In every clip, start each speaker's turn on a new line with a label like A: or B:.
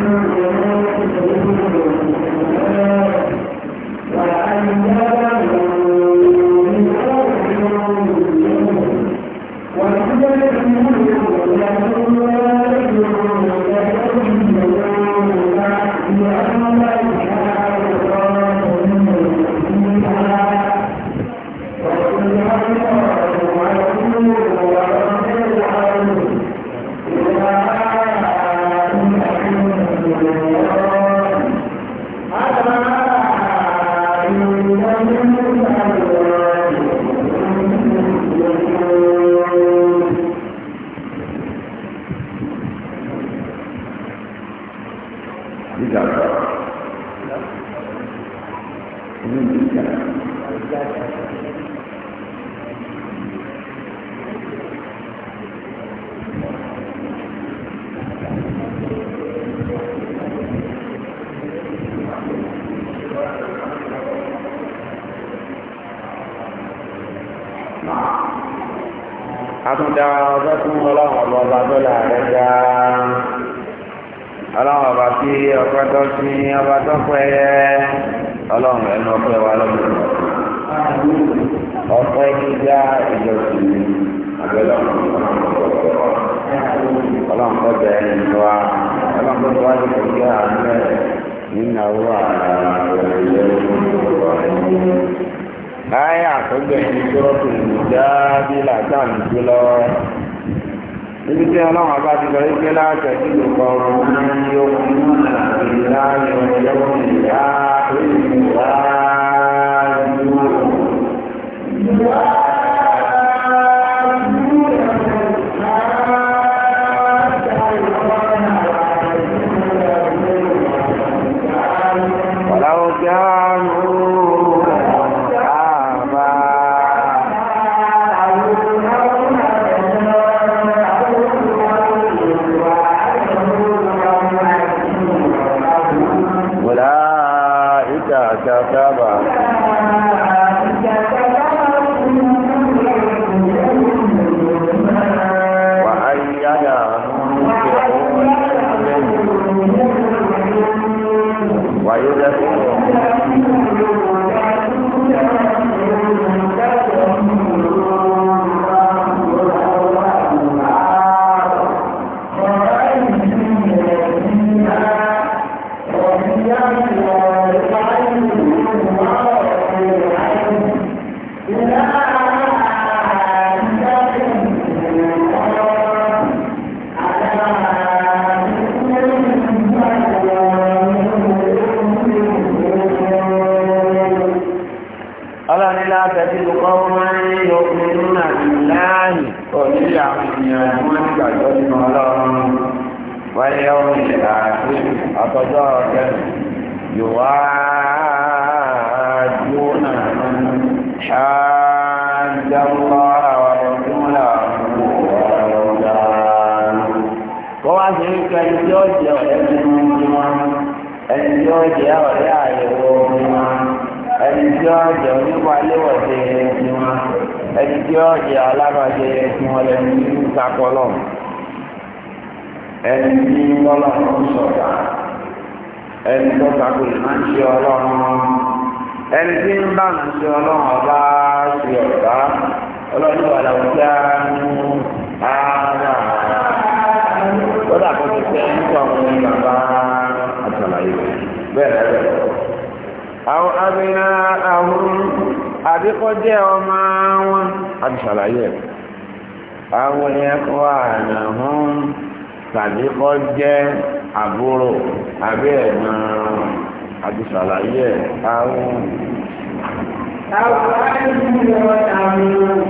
A: Thank mm-hmm. you.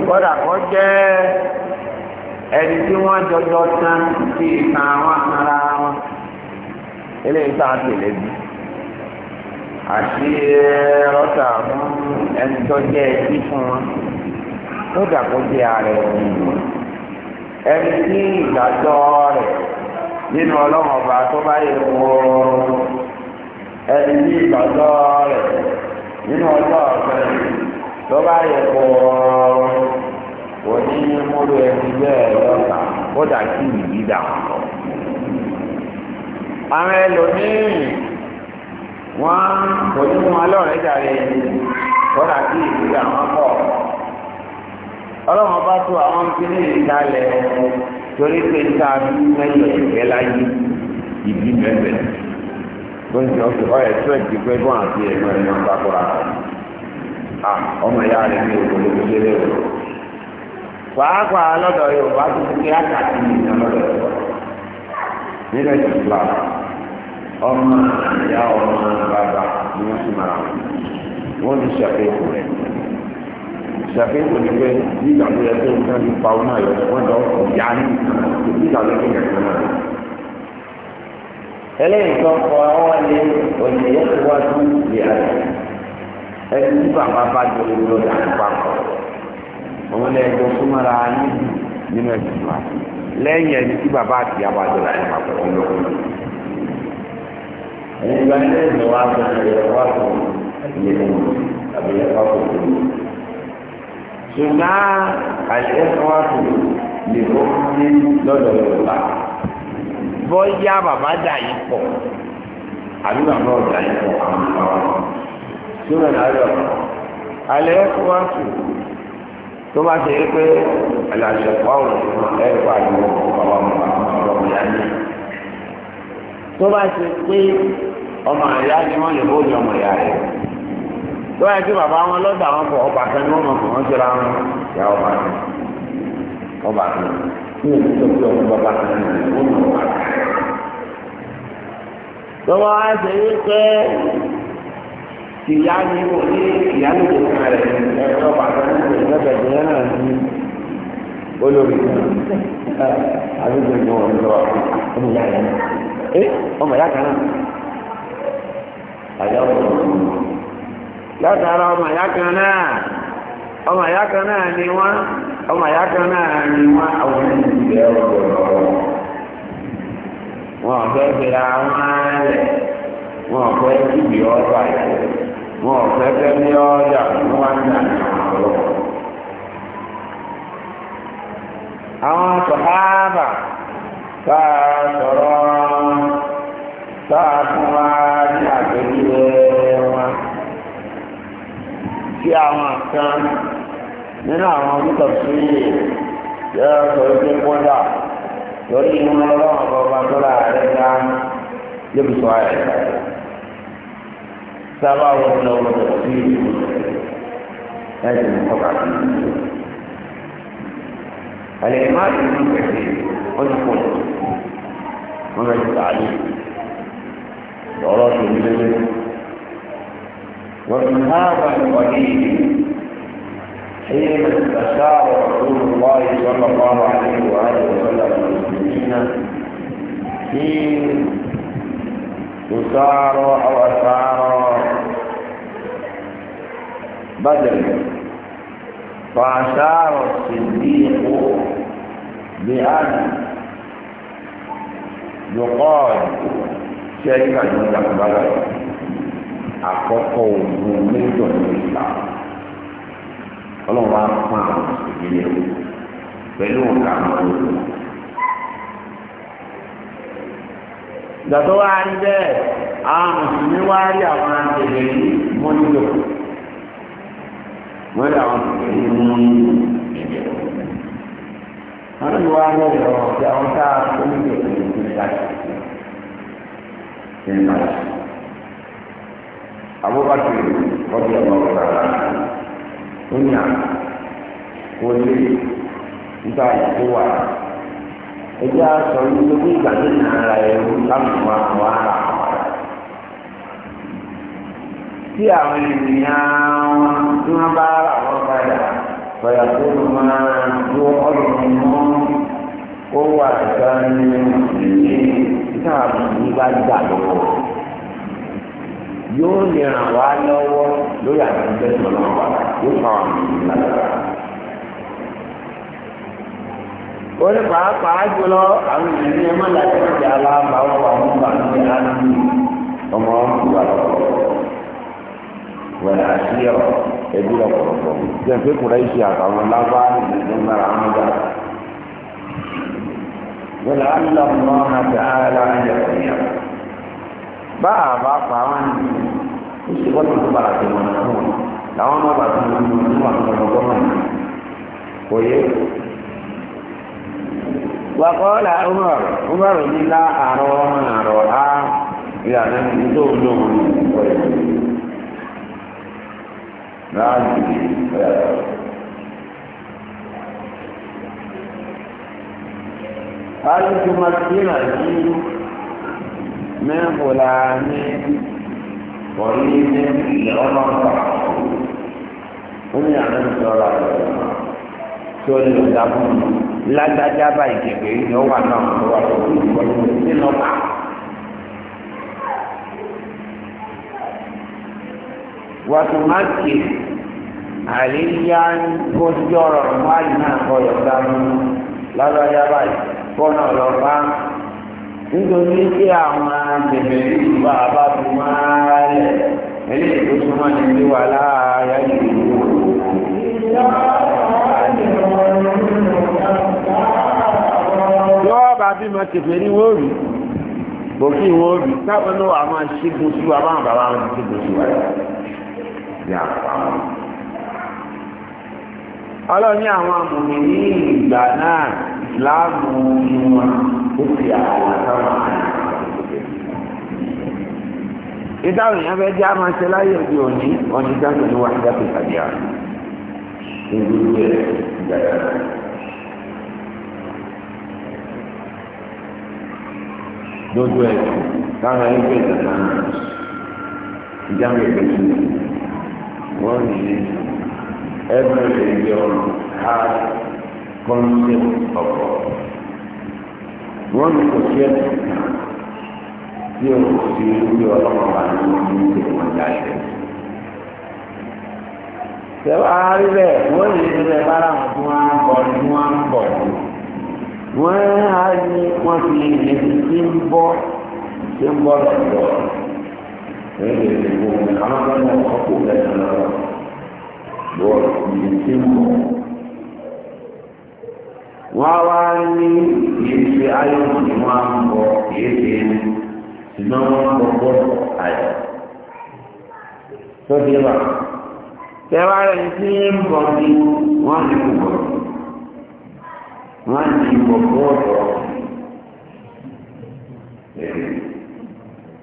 B: kódà kó jẹ́ ẹni tí wọ́n jọjọ tán sí ìtàn àwọn ara wọn eléyìí tá a tẹ̀lé bí àti rọ́tà fún ẹni tó jẹ́ fún wọn jẹ́ ààrẹ òun ẹni tí ìdájọ́ rẹ̀ nínú ọlọ́mọba tó bá yẹ ẹni tí ìdájọ́ rẹ̀. nínú ọjọ́ ọ̀sẹ̀ tó bá yẹ kó ọrọ̀ kò ní múlò ẹni bẹ́ẹ̀ lọ́ta kódà kí ìlú dà wọ́n. àwọn ẹlòmíín wọ́n kò ní wọn lọ́rẹ̀ẹ́ jàre kódà kí ìlú dà wọ́n pọ̀. ọlọ́run bá tó àwọn kíní ìdálẹ̀ torí pé sáà bí mẹ́yẹ̀ ẹ̀fẹ́ láyé ìbí mẹ́fẹ́ lórí ti ọ̀sẹ̀ ọ̀yẹ̀ tí wọ́n ti pẹ́ bọ́n àti ẹ̀gbọ́n ẹ̀gbọ́n bá kọ́ra à ọmọ ìyá rẹ̀ ní òkòló tó ṣe lé o. pàápàá lọ́dọ̀ yorùbá tó ti kí àkàtì nìkan lọ́dọ̀ nílẹ̀ ìjọba ọmọ ìyá ọmọ bàbá ni wọ́n ti mara wọ́n ti ṣàfihàn rẹ̀ ṣàfihàn ní pé bí ìgbà tó yẹ kó nǹkan ti pa ọmọ yọ wọ́n jọ ní ìgbà tó yẹ kó nǹkan náà eléyìí tó kọ ọwọ́ ni òní yẹn ti wá sí ìdí àná ẹni tí bàbá bá jọ ìlú ọ̀dà àpapọ̀ òun lè jọ súnmọ́ra níbi nínú ẹ̀sìn wa lẹ́yìn ẹni tí bàbá àti ìyàwó àjọ làwọn àpapọ̀ ń lọ. ẹni ìgbà ilé ìlú wa sọ ìyẹn wá sọ ìyẹn ní àbí ìyẹn wá sọ ìyẹn ní. ṣùgbọ́n àìsàn wá sọ lè kó ní lọ́dọ̀ Yorùbá. bọ́yá bàbá dà yìí pọ̀ àbí bàbá ọ̀dà yìí pọ̀ àwọn ọ̀rọ̀ sínú ìdájọ́ alẹ́ kó wá sùn tó bá ṣe é pé àlàṣẹ pọ́ùn ẹ̀kọ́ àdúgbò ọmọ ọmọ ọmọ ìyá ni tó bá ṣe pé ọmọ ni wọ́n lè bóyá ọmọ ìyá rẹ̀ tó bá ṣe ní èyí ọmọ bàbá kan ní wà. lọ́wọ́ á ṣe wí pé ìyá ni mo ní ìyá ló lè fún rẹ̀ ẹ̀rọ bàbá ní ìwé lẹ́bẹ̀ẹ́ ìyá náà ní olórí náà àdúgbò ìgbọ̀n wọn lọ ọmọ ìyá yẹn náà ẹ ọmọ ìyá kan náà àyàwó látara ọmọ ìyá kan náà ọmọ ìyá kan náà ni wọ́n ọmọ ìyá kan náà ni wọ́n àwọn ìdílé ọ̀dọ̀ wọn ọ̀fẹ́ fìlà wọn lẹ̀ wọn ọ̀fẹ́ tìbí ọ̀dọ̀ àyẹ̀ wọn ọ̀fẹ́ tẹ́lẹ̀ ọ̀dọ̀ àwọn wọn nà ní ọ̀rọ̀. àwọn sọ̀hábà tá a sọ̀rọ̀ tá a fún wa ní àpèjúwe wọn sí àwọn kan nínú àwọn onítọ̀ sí yóò sọ wípé kódà lórí inú ọlọ́run ọba tó rà rẹ̀ dá yóò sọ ààrẹ dáadáa sábà wọn lọ wọn tọ̀ sí ẹ̀sìn ìtọ́ka sí àlẹ́ má ti ní kẹ̀kẹ́ ó ti pọ̀ wọn bẹ ti sàálì lọ́rọ́ tó ní lélẹ́ wọ́n ti há àbàlẹ̀ wọ́n ní ìdí. حين أشار رسول الله صلى الله عليه وآله وسلم المسلمين في يسار أو أسار بدر فأشار الصديق بأن يقال شيئا مستقبلا أقوى من دون الإسلام ọlọ́run wá fún àwọn mùsùlùmí lẹ̀ pẹ̀lú òǹkà àwọn olùkọ́. ìgbà tó wá rí bẹ́ẹ̀ àwọn mùsùlùmí wá rí àwọn àgbègbè mọ́ nílò wọ́n rí àwọn mùsùlùmí mọ́ wọ́n rí wá rí ọ̀rọ̀ ọ̀sẹ̀ àwọn tá a kó nílò ẹ̀jẹ̀ tó ń dájú. Abubakar, wọ́n ti ọmọ ọ̀gá rẹ̀ ó ní à kò lè ẹjẹ aṣọ nígbà tó ìgbà tó nà ara ẹrú lámùmá àwọn ará àwọn tí àwọn ènìyàn wọn tí wọn bá ara wọn padà padà tó ló máa tó ọlọ́run mọ ó wà ìtàn ní ìdílé ìtàn àbùkù bá gbà lọ́wọ́ yóò lè ràn wá lọ́wọ́ lórí àtúntẹ́ tó náà wà yóò fa àwọn ìlú lára. ó ní pàápàá jùlọ àwọn ìlú ní ẹmọ láti ọjà aláàbà wọn wà wọn wà ní àdúgbò ọmọ ọmọ wà lọ́wọ́ àti ọ̀ ẹbí ọ̀pọ̀lọpọ̀ jẹ́ pé kùrẹ́ iṣẹ́ àtàwọn lábá ìlú náà ń gbà. wẹ̀rẹ̀ àti ọmọ ọmọ àti ààrẹ àti ẹ̀kọ́ bá a bá pa wọn ní ìṣèwọ́n tó bá a ti wọn fún wọn làwọn máa bá tó wọn fún wọn fún wọn gbọ́n wọn kò yé. wàkọ́lá umar umar ní lá àrọ àrọ á ìlànà nítorí lóhùn ìkọlẹ̀ láàyè ìkọlẹ̀. هل تمكن الدين من غلام قريب لعمر oníyàrá ń sọ̀rọ̀ àlọ́ tó lè dá fún mi lágbájá báyìí kẹ̀kẹ́ ni ó wà náà tó wà tó kú ìwọ ní ìdílé lọ́pà. wàtò má àríyá kó sí ọ̀rọ̀ báyìí náà kọ̀ yọ̀ọ̀dá mú lágbájá báyìí kó náà lọ́pàá nítorí pé àwọn àgbẹ̀bẹ̀ yìí bá a bá fi máa lẹ̀ eléyìí tó súnmọ́ ní ilé wa láàárọ̀ yìí. yọ́ọ́ bá bímọ kẹfẹ́ ní wọ́n rí bòkí wọ́n rí táwọn náà a máa ṣígun sí wa báwọn bàbá wọn ti ṣígun sí wa ní àpamọ́. ọlọ́ni àwọn amòmìnir ìgbà náà láàbù wọn dúkìá àlàkàmà ìdáhùn yẹn fẹ́ jẹ́ àmọ́ ṣe láyé òde òní ọ̀nì dáhùn ní wàá dáhùn tàbí àná dodo ẹ káwọn ẹgbẹ́ ìdàgbà ìjàmbá ìgbẹ́ tó wọ́n ní every day your hard concept of God wọ́n ní kò sí ẹ̀sìn tí o kò sí ilé ọlọ́run wa ní ojú wọn jáde. Sẹ́wọ́n arí bẹ́ẹ̀ wọ́n lè ní bẹ́ẹ̀ bára wọn tí wọ́n á ń bọ̀ ní wọ́n á ń bọ̀. Wọ́n á ní wọ́n fi lè ti ń bọ́ ti ń bọ́ lọ́dọ̀. Èyí lè lè wọ́n àwọn ọmọ ọkọ̀ bẹ́ẹ̀ lọ́wọ́. Bọ́ọ̀lù ti ń bọ̀. wọ́n wá ní ni wọ́n á ń bọ̀ kéèké ní ṣùgbọ́n wọ́n á bọ̀ bọ́ ayọ̀. tó dé wà tẹ́wá rẹ̀ tí ń bọ̀ ní wọ́n á ní kò bọ̀ wọ́n á ní bọ̀ bọ́ ọ̀tọ̀.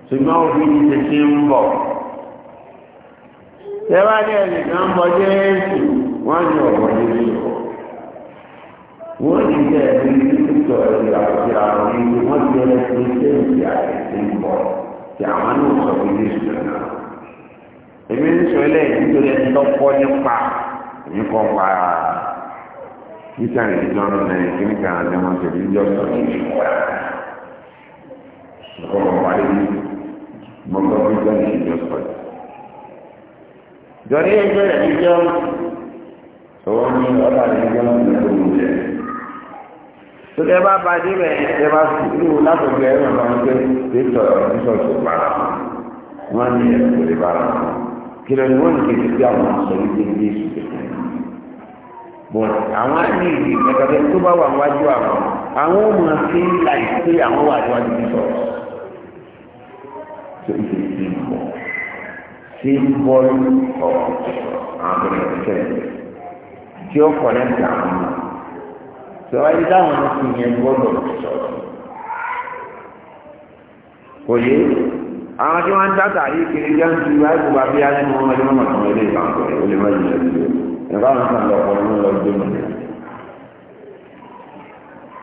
B: ṣùgbọ́n wọ́n ti jẹ́ ẹni tí títọ́ ẹ̀sìn àti àwọn ìlú wọ́n ti ẹni tí ṣe ń ṣe àìsí pọ̀ tí àwọn náà sọ fún Jésù náà. èmi ń sọ ilé nítorí ẹni tó nípa èmi kọ́ pa títàn ìjọ náà ní kíní kan àti àwọn ìṣèlú ìjọ sọ ní ìlú wa. ọkọ̀ wọn wáyé mọ́tò ìjọ ní ìjọ sọ yìí. jọ̀dí ẹgbẹ́ ìjọ sọ wọ́n ní ọ̀tà torí ẹ bá ba dé bẹ ẹ bá fúlù látọjú ẹ bá wọn pé tètò ìsọsọ bára wọn ní ẹsùn lè bára kìlọ̀ ni wọn kéde sí àwọn sọ wípé ní èsù tẹsán bọ́n àwọn àmì ìdí ẹ̀kọ́tẹ́ tó bá wà wájú àwọn àwọn ò máa fi ń la ìpè àwọn wà níwájú sísọ tó ìdí sí ìbọ̀ sí bọ́ọ̀lù ọ̀ọ́ àwọn akẹ́kọ̀ọ́ tí ó kọ̀ lẹ́sìn àwọn ọmọ sọ̀rọ̀ táwọn ti yẹn gbọ́dọ̀ sọ̀rọ̀ kò yé àwọn tí wọ́n ń dáta yìí kiri jẹ́ ń tu láìpẹ́ bá bí ayé wọn ọmọdé mọ́mọ́ àwọn ilé ìbá ń ó lè má jìnnà sí i nípa àwọn kan lọ́pọ̀ ní lọ gbé mọ̀ ní.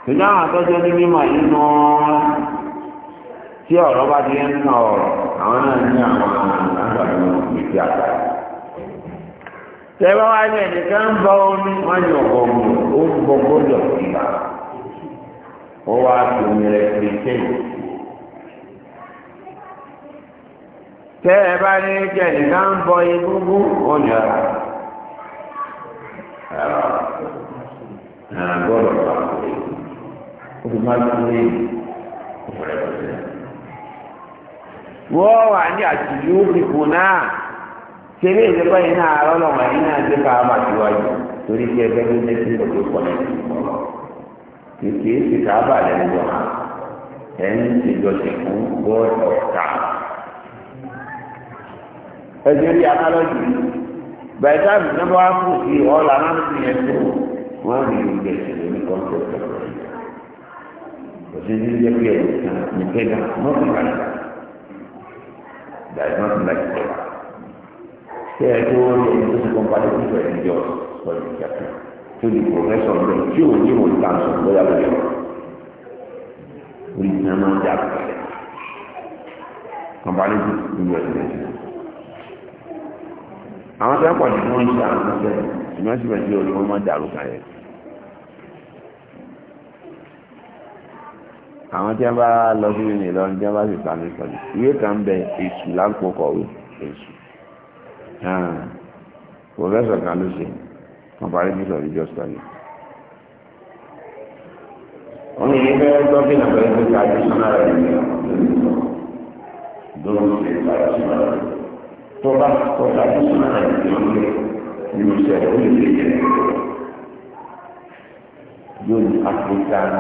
B: ṣùgbọ́n àwọn àtọ́jọ́ ní mímọ̀ yìí nù tí ọ̀rọ̀ bá ti ń nà ọ̀rọ̀ àwọn náà ní àwọn àgbàdo ìgbésí àgbà tẹ́wọ́ wá ní ẹ̀nìkan ń bọ omi wọ́n ní ọ̀gbọ̀gbọ̀ ó ń gbọ̀gbọ̀ lọ ìgbà ó wá sí omi rẹ̀ pé kéyìn. bá ní kí ń bọ egungun wọ́n ní ọ̀rá ẹ̀rọ gbọ́dọ̀ pa ó fi máa tún lé ìfọ̀rẹ́fọ̀rẹ́. wọ́n wà ní àtìlú tẹ̀lé ìjọba yìí náà àárọ̀ lọ́wọ́ yìí náà gbé ká bá tiwájú torí kí ẹgbẹ́ tó dẹ́sí lòdì pọ̀lẹ́ kìkì èsì ká bá lẹ́nu lọ hàn ẹ̀ ń ṣèjọsìn fún god of time. ẹgbẹ́ rí akálọ́jì bàyí táàbì náà bá kù sí ọ̀la náà sì yẹn tó wọ́n rí ìgbẹ́ ìṣẹ̀lẹ̀ ní kọ́ńtẹ̀tì òṣèlú kí ẹ tó rí ẹni tó ti kọ́ padà sí ìfẹ́ ìjọ pẹ̀lú ìjàpá tó di pòfẹ́sọ̀ rẹ̀ tí ò ní wò ta sọ lọ́yà lórí ọ̀rọ̀ orí ìgbà máa ń dà pẹ̀lẹ́ ti gbé ẹ̀sìn ṣe àwọn ọmọdé ìmọ̀ síbẹ̀ sí orí wọn máa dàrú kan yẹn. àwọn tí wọ́n bá lọ sí ìrìn ìlọrin tí wọ́n bá sì sàmì sọ̀rọ̀ ìwé kan bẹ èṣù láǹkó kọ̀wé èṣù pòfẹ́sọ̀ kan ló ṣe comparative of religious study wọ́n ní ilé talking about the traditional religion don't say traditional religion tó bá tó traditional religion lé nínú iṣẹ́ ó lè lè jẹ́ yóò ní African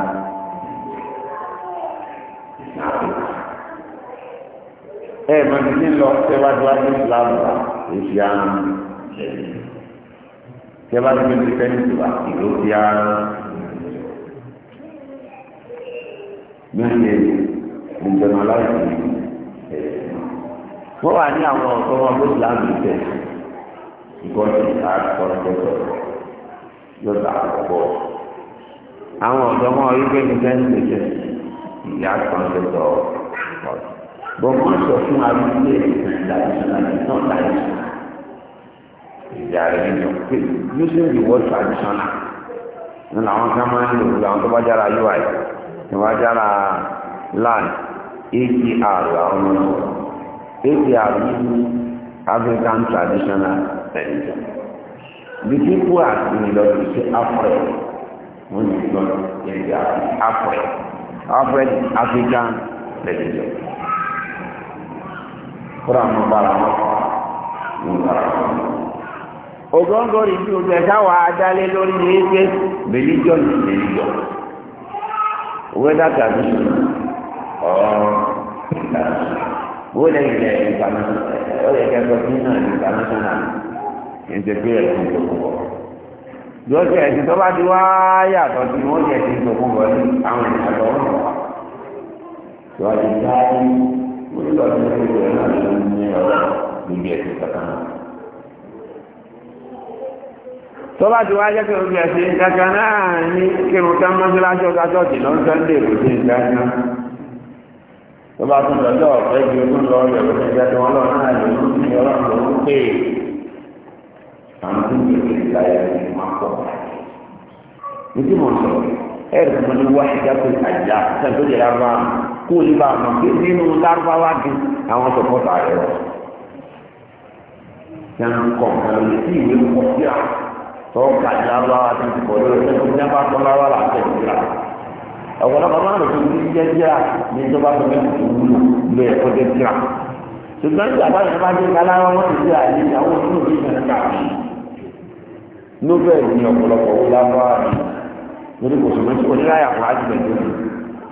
B: ẹ mọ̀ ní lọ tẹ́wájú Islam wa èsì àrùn tí a bá ní bí fẹ́ẹ́ tó wà ìlú ti àrùn lóye ìjọba aláìsí wọ́n wà ní àwọn ọ̀tọ́ wọn ló láàmì tẹ̀ ìgbọ́dọ̀ àkọ́kọ́ yóò dà pọ̀ àwọn ọ̀dọ́ wọn yóò gbé ní fẹ́ẹ́ tó ìyá kan tó tọ̀ bọ́mọ sọ fún arúgbó ẹ̀sìn traditional is not traditional ìdí ààrẹ nìyọ pé using the word traditional ní làwọn kan máa ń lò lórí àwọn tó bá jára ui tó bá jára land adr làwọn máa ń sọ adr yìí african traditional religion the people are similar to say afro wọn ní ìgbọ́n ẹ̀dí afro afro african religion kóra mọ bára wọn mọ bára wọn. ògóńgó rìndí ojú ẹ̀dá wa adálé lórí ní ẹgbẹ́ bèlíjọ́ ní bèlíjọ́ owó ẹ̀dá tàbí ọ̀rọ̀ ìlànà owó lẹ́yìn lẹ́yìn ìpamọ́ ọ̀rẹ́ kẹfẹ́ fún náà ní ìpamọ́ sọ́nà ní ti pé ẹ̀sìn tó kún bọ̀. lọ́sẹ̀ ẹ̀sìn tó bá ti wá yàtọ̀ sí wọ́n ti ẹ̀sìn tó kún bọ̀ ní àwọn ìpàdé ọ̀rọ̀ nígbà tó ti rẹ̀ náà ló ní ọ̀rọ̀ níbi ẹ̀sìn kankan náà. tó bá ti wá jẹ́ pé ojú ẹ̀sìn kankan náà ní kírun tán mọ́síláṣí ọjọ́ ṣọ́ọ̀tì lọ́n sẹ́ńdẹ̀ kò sí nǹkan náà. tó bá tún lọ́jọ́ ọ̀fẹ́ ju ojú lọ rẹ̀ ló ti jẹ́ náà kó lè bá ọmọ pé nínú lárúbáwá di àwọn sọpọ́tà rẹ̀ wọ̀. Yàrá kọ̀ ọ̀rọ̀ lè sí ìwé kọ̀ sí à tọ́ ka ní lárúbáwá ti ti kọ̀ lórí ẹgbẹ́ ní abá tọ́ lárúbáwá là ń tẹ̀ sí ra. Ọ̀pọ̀lọpọ̀ máa ń rò fún jíjẹ́ jíra ní ìjọba tó fẹ́ tuntun wúlò lé ẹ̀kọ́ jẹ́ jíra. Ṣùgbọ́n ìgbà yẹn bá dé kalára wọn ti jíra yìí àwọn onímọ̀ ìgbà ká ni ọ̀pọ̀lọpọ̀ wọ́n lárúbáwá rẹ̀ lórí kòsùnmọ́sí oníláyà fún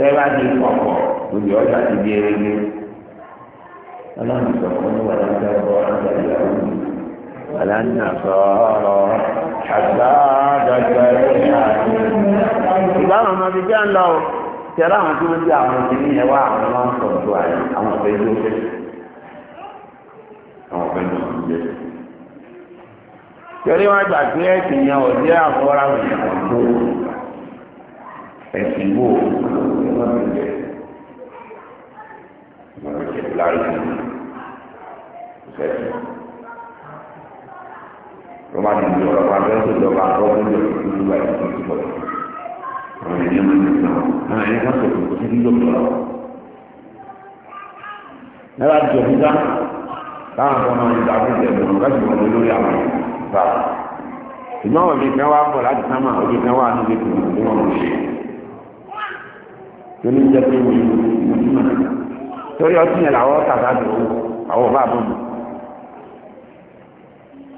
B: tẹ́ bá di pọ̀pọ̀ lórí ọjà ti di eré ọlọ́run sọ fún mi wàlá ńlá ọ̀rọ̀ ọjà ìyàwó mi wàlá ńlá sọ̀rọ̀ àgbà dọ̀gbà ẹ̀yà ìgbà àwọn ọmọ bíbí à ń lọ tẹ̀lé àwọn tí wọ́n di àwọn ìdílé yẹn wá àwọn máa ń sọ̀rọ̀ àyè àwọn ọ̀fẹ́ ló fẹ́ àwọn ọ̀fẹ́ ló fẹ́ torí wọn gbà pé ẹ̀sìn ò jẹ́ àfọwọ́ráwọ̀ ìyàwó ẹ̀sìn wò ẹ̀mọ́ bẹ̀rẹ̀ ẹ̀mọ́ bẹ̀rẹ̀ láàyè ìfẹ́sìn. Rọ́mà ti di ọ̀rọ̀ kan fẹ́ẹ́ sọ̀rọ̀ kan tó ń lò ní ìlú àti ìlú bọ̀. Àwọn ènìyàn máa ń lò náà. Àwọn ènìyàn kan sọ̀rọ̀ kò sí ní ìlú ọ̀rọ̀. Nígbà tí o fi dá, táwọn kan máa ń gbà fún ìjẹ̀bù láti mọ̀ lórí àwọn ìgbà. Ìgbọ́n òbí kan wá pọ̀ láti sámà, òbí kan wá níbi kùnú tí wọ́n mú ṣe tó ní jẹ́ pé mi ò ní mọ̀ àwọn bá bọ̀ mọ́.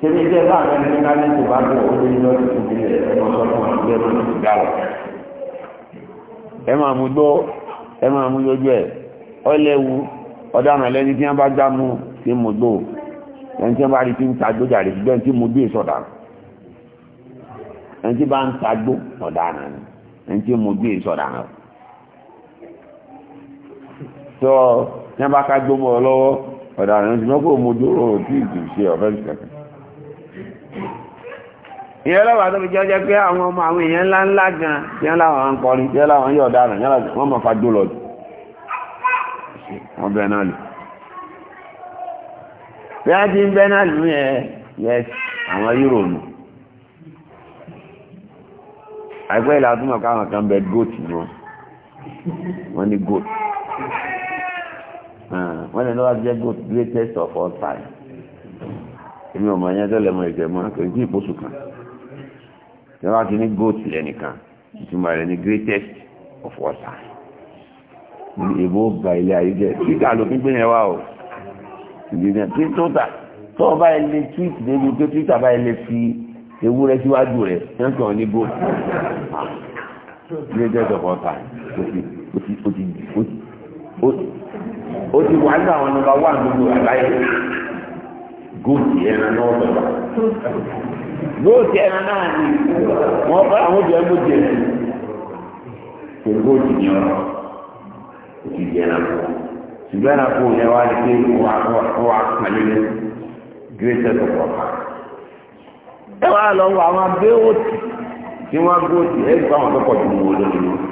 B: jẹ́ bá àwọn ẹni ká ní tó bá bọ̀ ó lé lọ́dún tó bí ẹ̀ máa sọ fún àwọn ẹgbẹ́ ti gbà lọ. Ẹ máa mú gbọ́, ẹ̀, ọ lẹ́wu, ọ̀daràn tí wọ́n bá gbá mú sí mú ẹni tí wọ́n bá rí ti ń ta gbó jàre ṣùgbọ́n tí mo gbé sọ̀dà. Ẹni tí bá ń ta gbó náà ẹni tí mo gbé sọ̀dà náà tó ní bá ká gbọ́mọ lọ́wọ́ ọ̀daràn ti mọ́kò mú dúró tí ìtì ṣe ọ̀fẹ́ ìṣẹ̀kẹ́ ìyẹn lọ́wọ́ àtọ́bí jẹ́ jẹ́ pé àwọn ọmọ àwọn èèyàn ńlá ńlá gan yẹn láwọn ń kọrin yẹn láwọn yóò dára yẹn láwọn wọ́n mọ̀ fa dó lọ wọ́n bẹ náà lò bí a ti ń bẹ náà lò yẹ yẹ àwọn yúrò àìpẹ́ ìlà káwọn kan bẹ goat ni wọ́n ní goat wọ́n lè lọ́wọ́ jẹ́ greatest of all time èmi ọmọ yẹn tẹ́lẹ̀ mọ ìjẹ́ mọ́ kò tí ì bóṣù kan tí wọ́n ti ní goat lẹ́nìkan ìtumọ̀ rẹ̀ ní greatest of all time èbó gba ilé ayé jẹ́ títà ló fi gbé yẹn wá o ìgbìyànjú tí tó tà tó ọba ilé tweet débi tó twitter bá ilé fi ewúrẹ́ síwájú rẹ̀ yẹn kàn ní goat ah, greatest of all time ó ti ó ti ó ó ti wà ní àwọn nọ́mbà wà gbogbo àgbáyé góòtù ẹran náà dọ̀gba góòtù ẹran náà ni wọ́n bá àwọn obìnrin góòtù ẹran pé góòtù ni ọ̀rọ̀ kò sì jẹ́ ẹran kó ṣùgbọ́n ẹran pé wọ́n ẹ wá lọ wọ àwọn tí wọ́n tó pọ̀ jù lónìí.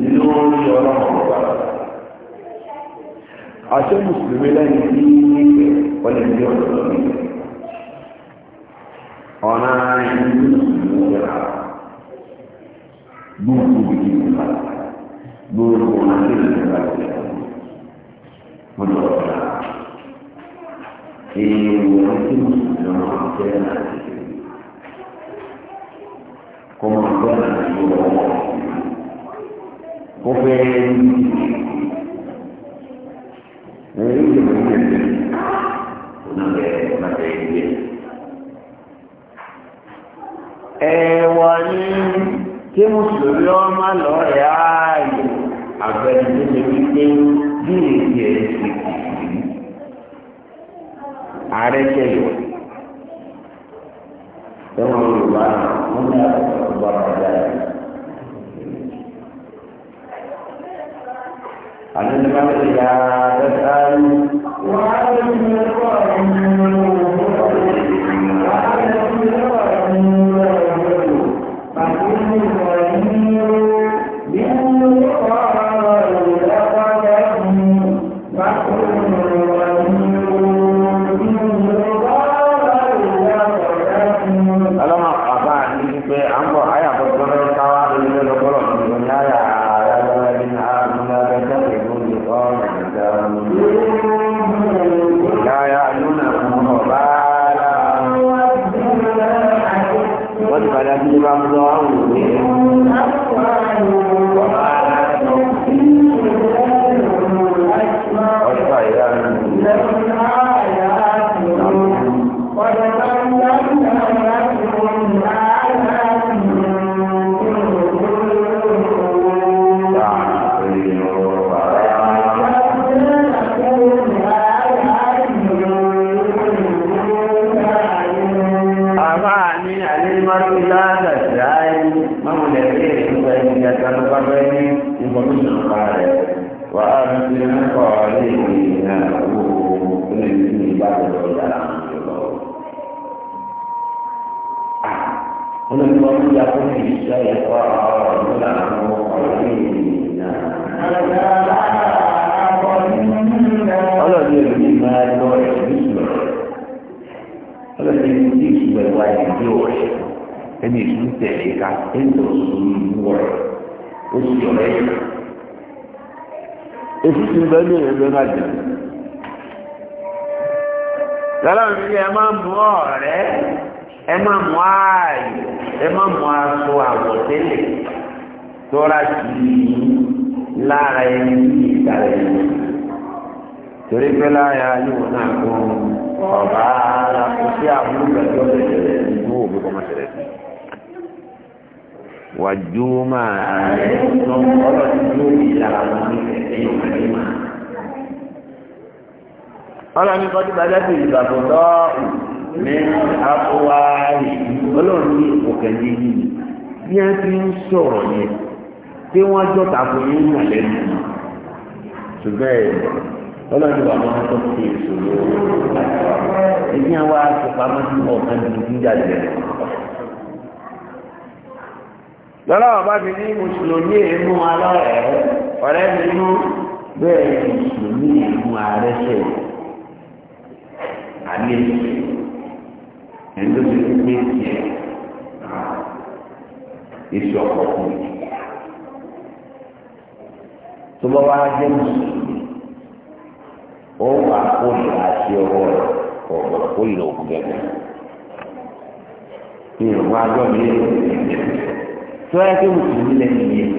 B: lórí ọlọ́run ọba àṣẹ mùsùlùmí lẹ́yìn tí wọ́n lè ní ọ̀dọ́ lọ́wọ́ ọ̀nà ìlú mùsùlùmí yẹra gbogbo ìlú ìlú gbogbo ọ̀nà ìlú ìlú ìlú mo lọ ọ̀la èèwọ̀ tí mùsùlùmí ọmọ jẹ́ náà kọ́mọ̀ gbọ́dọ̀ ìlú ọwọ́ kó fẹ́ ẹ̀rí
C: ìdìbò ní ẹ̀sìn
B: onígbẹ̀ ọ̀nàbẹ̀ ìgbẹ́. ẹ̀wà ní kí mùsùlùmí ọmọ lọ rẹ̀ ààyè àgbẹ̀rẹ̀ tó ṣe wípé bí èsì ẹ̀sìn ààrẹ ṣẹlẹ̀ ẹ̀wọ̀n Yorùbá wọn ní àgbàdo àgbàdo àgbàdo. أنا لما تجاهد أسأل
A: وعلم القائمون
B: káàkiri lára ẹni bí ìdára ẹni torí pé lára yóò náà kún ọba ara kò sí àbúrò pẹ̀lú ọ̀sẹ̀ ṣẹlẹ̀ ìlú òbí kọ́ máa ṣẹlẹ̀ sí. wàjú máa rẹ̀ tó ọlọ́dún tó ìyára wọn ní ẹ̀yìn òmìnira máa ọlọ́ni kọ́ tí bàjẹ́ sí ìgbàgbọ́ lọ́ọ̀rù ní àpòwárí olóòrùn ní òkè yìí bí wọ́n ti ń sọ̀rọ̀ yẹn tí wọ́n jọ tàbí yín nà lẹ́nu ṣùgbọ́n ẹ̀ ọlọ́dún wa máa tó fi ìṣòro ẹ̀yìn àwa àtùpàmọ́ sí ọ̀kan tuntun jáde lẹ́nu. lọ́la bàbá mi ní mùsùlùmí èémú alọ́rẹ̀ ọ̀rẹ́ mi mú bẹ́ẹ̀ mùsùlùmí èémú arẹ́sẹ̀ alẹ́ ẹ̀ńdọ́sẹ̀ pípé tiẹ̀ èsì ọ̀pọ̀ fún mi. tó bá wá jẹ́ mùsùlùmí ó wà kó ìlà sí ọwọ́ rẹ̀ ọ̀gbọ̀n kó ìlà òkú gẹ̀gẹ̀. ní ìwọ ajọ́ mi tó yẹ kí mùsùlùmí lẹ́yìn yẹn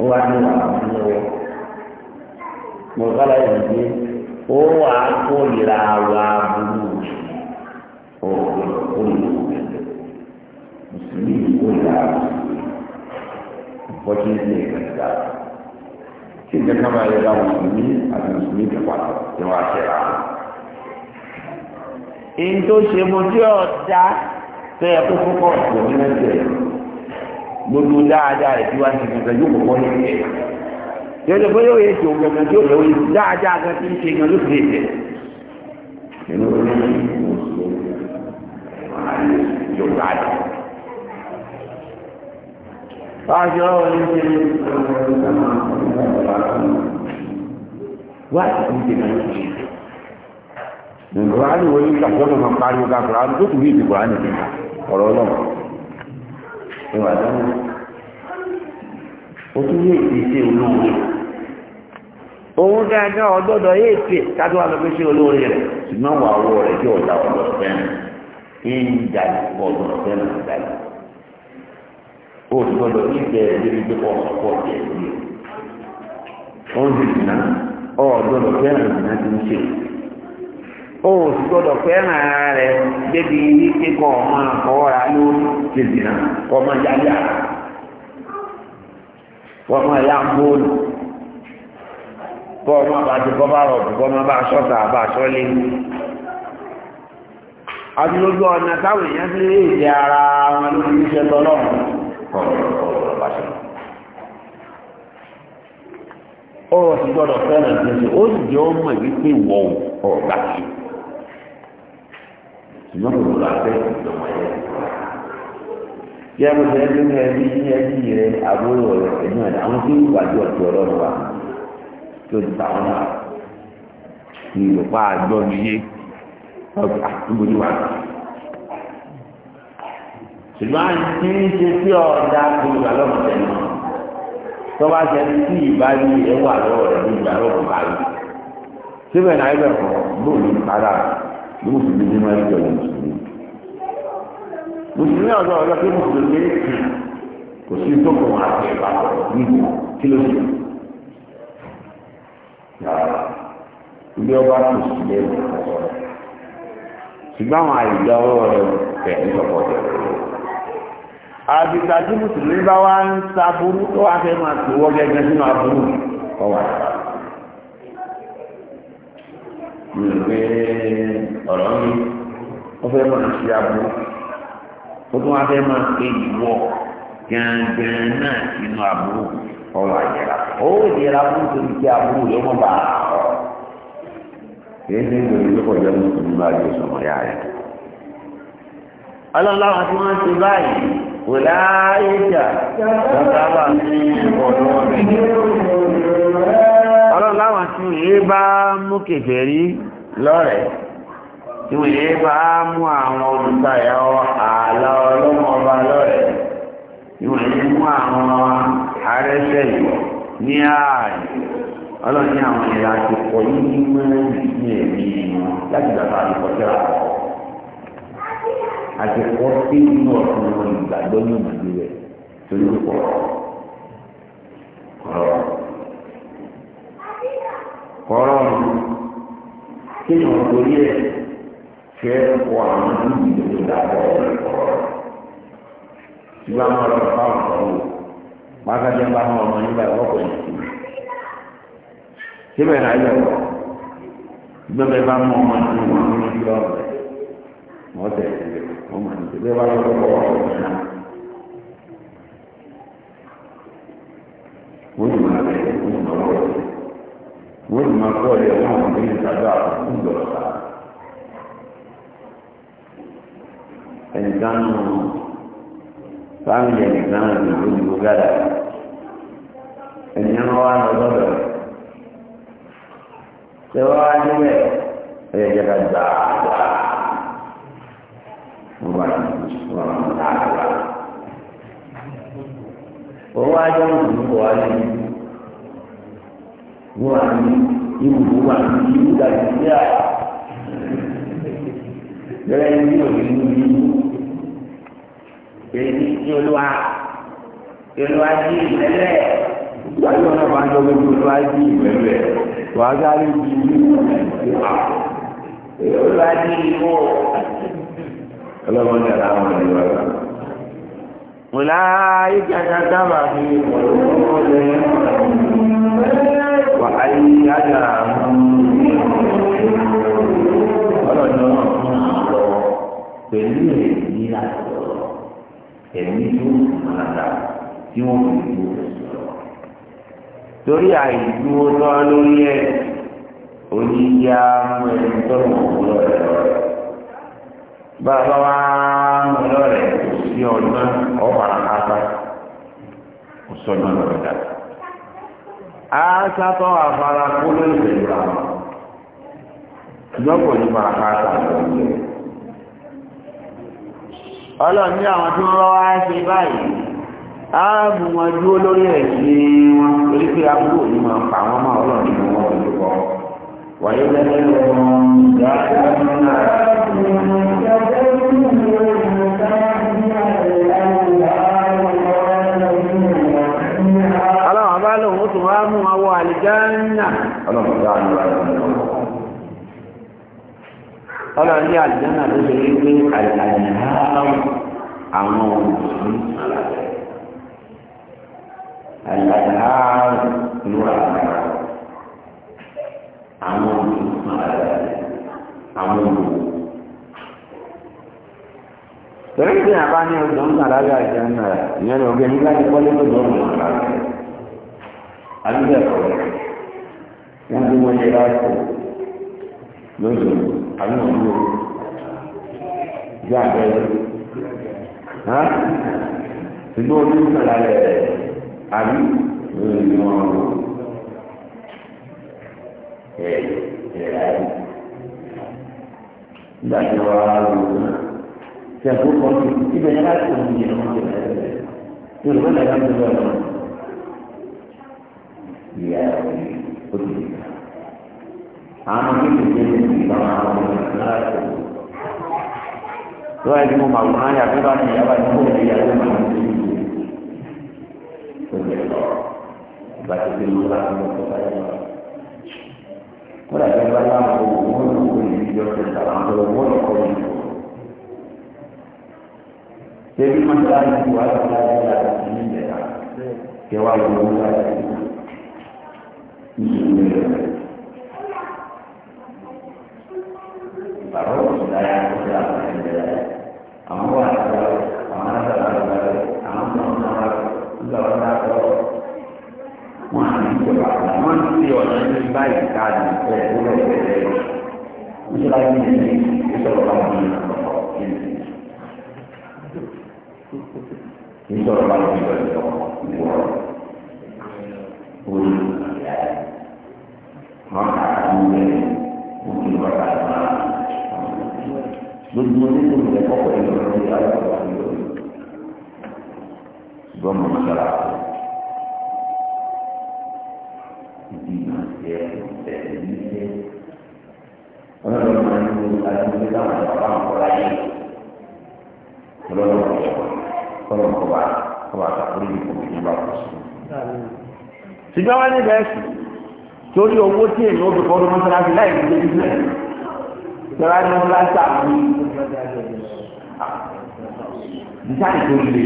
B: ó wá ní wàhálà fún kí nǹkan kan máa yẹ bá mùsùlùmí àti mùsùlùmí ti pàtó tí wọ́n ṣe ra wọn. èyí ṣe mo tí ò dá tó yẹ kó fún ní lẹ́sẹ̀ gbogbo dáadáa rẹ̀ tí wọ́n ti fi yóò kọ́kọ́ ní ìṣe. yẹ́nì pé yóò yẹ ti òun gbẹ̀gbẹ̀ tí ó lè wọ́n dáadáa kan tí ń ṣe gan ló fi lè tẹ̀. nínú orí mùsùlùmí yóò gbádùn. Ọjọ́ orí ṣe ní wá ìdí náà. Ìgbòránì wo ní ìgbàjọ́nà máa pariwo ká Kùránì tó kù ní ìdìgbòránì bí ọ̀rọ̀ ọlọ́run. Ìwà dáná. Ó tún yé ìdíje olóore. Òun dáadáa ọgbọ́dọ̀ yé ìpè kájú wa lọ pé ṣé olóore rẹ̀ ṣùgbọ́n wà owó rẹ̀ tí ọ̀dà ọ̀dọ̀ fẹ́ràn. Ìjà ọ̀dọ̀ fẹ́ràn ìdájọ́. o gbọ́dọ̀ ìfẹ́ ẹ̀dẹ́bí pé kọ́ ọ̀pọ̀ ẹ̀dẹ́bí ó ń sì dìná ọ gbọ́dọ̀ ti ń ṣe o sì gbọ́dọ̀ fẹ́ràn ara rẹ débi wípé kọ́ ọmọ àkọ́wọ́ra ló ti dìná ọmọ yáyà ọmọ ya ń bóòlù ọmọ bá ọmọ bá bá ọ̀nà táwọn èèyàn ti ara ọ̀rọ̀ ti gbọ́dọ̀ fẹ́ràn tó ṣe ó sì jẹ́ ọmọ wípé wọ ọ̀rọ̀ bá ṣùgbọ́n kò lọ abẹ́ ìjọba ẹ̀ kí ẹnu fẹ́ ló ń ní ẹbí rẹ àbúrò rẹ ẹ̀yìn ọ̀dà àwọn tí ń wájú ọ̀tún ní ṣùgbọ́n à ń tí ń ṣe sí ọ̀dà olùgbà lọ́mọdé náà tó bá ṣe sí ìbáyé ẹ̀ wà lọ́wọ́ rẹ̀ ní ìgbà lọ́wọ́ báyìí síbẹ̀ náà ẹgbẹ́ kan lóòlù kára ní mùsùlùmí ní wọ́n ẹgbẹ́ wọn mùsùlùmí mùsùlùmí ọ̀dọ́ ọ̀dọ́ pé mùsùlùmí kò sí tó kọ̀ wọn àti ẹ̀bá níbi kí ló ṣe yàrá ilé ọba kò sí lẹ́yìn ọ̀sọ̀rọ̀ ṣùgbọ́n àwọn àìjọ ọwọ́ rẹ̀ fẹ̀ ní sọ́kọ̀ọ́ àgbègbè àti mùsùlùmí bá wá ń sa burú tó wá fẹ́ máa tó wọ́ gẹ́gẹ́ sínú aburú ọwà. mi ò pé ọ̀rọ̀ mi ó fẹ́ máa ṣe aburú ó tún wá fẹ́ máa pé ìwọ gẹ́gẹ́ náà sínú aburú ọwà yẹra ó yẹra fún torí pé aburú yóò mọ̀ bá a kì í ìgbèrè lóko jẹ́ mùsùlùmí bá yóò sọ̀rọ̀ yára. ọlọ́láwọn tí wọ́n ti báyìí wò láàáyíjà lọ́gbàbà ní ọ̀dọ́ ọlọ́láwọn tí wòye bá mú rí lọ́rẹ̀ tí wòye bá mú àwọn olùtayà ààlà ọlọ́mọba lọ́rẹ̀ tí wòye mú àwọn arẹ́sẹ̀ ní àti ọtí inú ọ̀sán wọn ìgbàgbọ́ ní òmìnirí rẹ̀ torí ó pọ̀ kọ̀rọ̀ kọ̀rọ̀ kí ni wọ́n torí ẹ̀ fẹ́ kọ àwọn ìdílé tó dàgbọ́ ọ̀rẹ́ kọ̀rọ̀ ṣùgbọ́n àwọn ọ̀rọ̀ ọ̀rọ̀ wò pàtàkì bá ọmọ nígbà sí síbẹ̀ náà yẹ kọ́ bá mọ ọmọ wọn ní wọ́n wọ́n máa ń tẹ̀lé wá lọ́wọ́ ọ̀rọ̀ ọ̀sán wọ́n sì máa bẹ̀rẹ̀ wọ́n sì máa wọ̀ ẹ̀ wọ́n sì máa kọ́ ẹ̀ wọ́n àwọn ọ̀gbìn ìtajà àkókò ìjọba ẹnìkan nù fáwọn ẹnìkan nù olùkọ́ gàdà ẹnìyàn wà gbàá owó ajọ́ ìdùnnú wà ní ìlú wà ní ìbùdó wà ní ìlú dàbí sí à lọ́rẹ́ ní òní ní ìlú èyí tí olúwa olúwa jí ìrẹ́lẹ̀ wájú ọ̀nà máa ń lọ lórí olúwa jí ìrẹ́lẹ̀ wàá sáré ju ìlú olúwa
C: jí ìlú ọlọ́run ní ara wọn ní wàá gbà.
B: Mùlá ayíkí ajá dábà fi ọ̀rọ̀ wà ayé ajá ọlọ́run náà fún ìlọ pẹ̀lú èyí àtọ̀rọ̀ ẹ̀mí tó máa dà tí wọ́n fi dúró sọ̀rọ̀. Torí àìdúró lọ lórí ẹ̀ oníyá mú ẹni tọ́lọ̀ ọ̀pọ̀lọpọ̀ ẹ̀rọ rẹ̀. bàbá wa ń lọ́rẹ̀ sí ọ̀gbọ́n ọ̀fàrà kápá lọ́pọ̀ ní fara kápá lọ́wọ́ ọlọ́run ní àwọn tí wọ́n wá ṣe báyìí áàbù wọn dúró ẹ̀ sí wọn pé وإذا اليوم جعلنا mú àwọ àlìjánà ọlọ́pàá ní àlìjánà ló ṣe wípé àlìjánà àwọn òṣìṣẹ́ àlìjánà ìwà àlìjánà àwọn òbí àwọn òbí. Torí pé àbá ní ọjọ́ ń kàrá yà ìjẹun náà, ìyẹn ni ọgbẹ́ nígbà tí wọ́n lé tó dọ̀rùn náà kàrá. Àdúgbò ẹ̀kọ́ wọn bí wọ́n yẹ láti lóṣù àwọn òbí òbí. Ìjọ àbẹ̀rẹ̀. Ṣùgbọ́n ojú ń kàrá rẹ̀ àbí lórí ìwọ̀n ọ̀rọ̀ láti wá lòun náà tí a kó kọ́ sí ibẹ̀ yẹn láti wọ́n yẹn wọ́n yẹn lẹ́yìn yóò lọ́wọ́ náà yàtọ̀ lọ́wọ́ náà ìyá rẹ̀ ó ti di ká àwọn kékeré ní ìgbà máa wọ́n yẹn láti wọ́n lọ́wọ́ ẹni mo máa wọ́n náà yàtọ̀ bá ti yàtọ̀ ní kó lè yàtọ̀ máa wọ́n ti di kó lè lọ ìgbà tó ti lọ́wọ́ láti wọ́n tó bá yàtọ̀ kódà tí wọn bá láwọn owó wọn lò ó ní ìjọ sẹta àwọn ọmọ wọn lò kọ yìí. Ṣébí mọ́ṣáláṣí ti wá lọ́wọ́ láti ṣe àti ní ìjẹta kí wọ́n lọ wọ́n láti ṣe ìṣòro rẹ̀. Bàbá òṣù láyà tó ṣe àwọn ẹgbẹ́ rẹ̀. Àwọn wà lára àwọn aláṣà lára àwọn tó ń nára rẹ̀, ń gbà wọn wọ́n ti ọ̀nà ní báyìí káàdì ọ̀gbọ́n ẹ̀ẹ́dẹ́ ìṣẹ́láyé ní ìṣọ̀rọ̀ bá wọn ní ìṣọ̀rọ̀ bá wọn ní ìwọ̀ orí wọn kà á ń bẹ òkè bàbá àgbà gbogbo onídìrí ẹ̀kọ́ pẹ̀lú ọ̀rọ̀ ìyá ọ̀rọ̀ ìgbọ́n mọ̀ mọ́sára. ọlọ́run àtàkùrú yìí kò ní bá kù sí. ṣùgbọ́n wá níbẹ̀ ẹ̀sìn torí owó tí èmi obì kọ́ ọdún mọ́sálásí láì ní débi sílẹ̀ tẹ́lá ní mọ́sálásí àwọn ìsáyì tó ah. le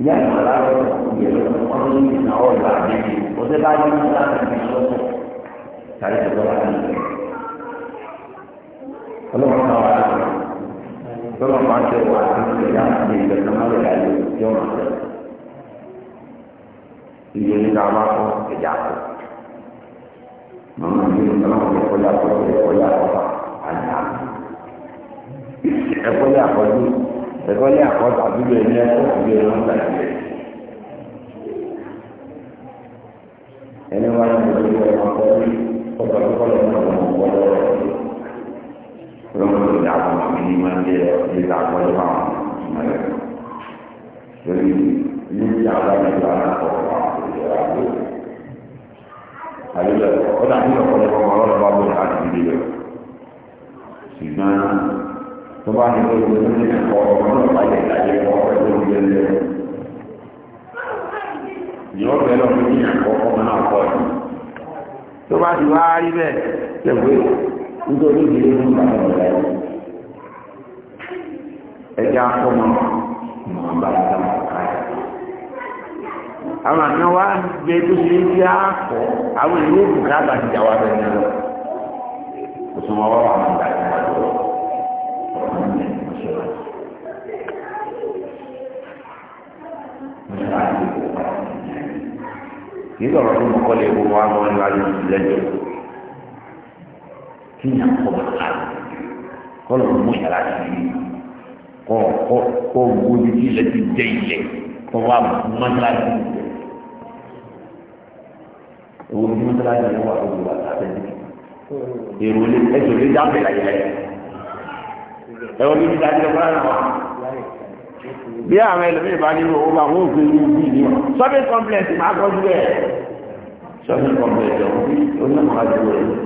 C: ìyá ìgbà lára ọdún yìí náà ọ̀la àbẹ̀yẹ
B: ọ̀sẹ̀ bá yẹ mọ́sálásí ìgbàlọ́sọ̀ tàbí ìgbàlọ́sọ̀
A: ọlọ́run náà wà láti tọ́lọ̀ máa tẹ wà ní ìyá ní ìgbẹ́ tó máa lè dá ilé yóò máa tẹ.
B: Iye ní ká máa fún ẹja kù. Màmá mi ní ọlọ́run ní ẹ̀kọ́ yà kọjú ẹ̀kọ́ yà kọjú àjà. Ẹ̀kọ́ yà kọjú ẹ̀kọ́ yà kọjú àdúgbò ẹni ẹ̀kọ́ àdúgbò ẹni ọ̀gá ìgbẹ́. Ẹni wá ní ìgbẹ́ ọ̀gá ìgbẹ́ ọ̀gá ìgbẹ́ ọ̀gá ìgbẹ́ ọ̀gá ìgbẹ́ ọlọ́run ti dà àwọn àmì ní máa ń jẹ ọdún ìlà àgbọ̀dọ̀ bá wọn ìmọ̀lẹ̀ lórí níbi àwọn àgbẹ̀dọ̀ alákọ̀ọ́ àkójọra ló àlejò ọ̀dà àti ọ̀pọ̀lọpọ̀ ọlọ́run bá bọ̀ láti ibi rẹ̀ ṣùgbọ́n tó bá ní kó ló ní ẹ̀kọ́ ọmọ náà bá yẹ láyé kọ́ ẹ̀kọ́ ìgbẹ́ lẹ́ yọ̀ọ́ bẹ́ẹ̀ lọ́ọ́ fi ní ẹ̀kọ́ ọmọ náà nítorí ìdílé fún bàbá rẹ̀ ẹja fọmọ mọ̀nba ìdáhùn káyà. àwọn àna wa gbé tó ṣe ń fi àkọ́ àwọn ìlú òkùnkà àgbàdì ìjà wa bẹ̀rẹ̀ ní lọ. òṣùn wọn wà wà ní ìgbà ìjà lọ. kì sọ̀rọ̀ fún mọ́kọ́lé ìwọ̀n wa mọ́ ní wájú ìlẹ́jọ́ tí yàn kọ́ bá ká lọ kọ́ lọ́ mú yàrá sí i kọ́ kọ́ kọ́ gbóni tí ilẹ̀ ti dé ilẹ̀ kọ́ wá mọ́tàlásì ilẹ̀ ewu ni mọ́tàlásì ilẹ̀ wà lórí wa lábẹ́ ní èrò lè ẹ̀sọ́ lè dá bẹ̀rẹ̀ ayẹyẹ
C: ẹ̀rọ lè dá bẹ̀rẹ̀ fúnra náà
B: bí àwọn ẹlòmíràn bá nínú owó àwọn òfin ní ìlú ìlú sọ́bẹ̀ kọ́mplẹ̀tì máa kọ́ síbẹ̀ sọ́bẹ̀ kọ́mplẹ̀tì ọ̀hún onímọ̀ àdúgbò rẹ̀.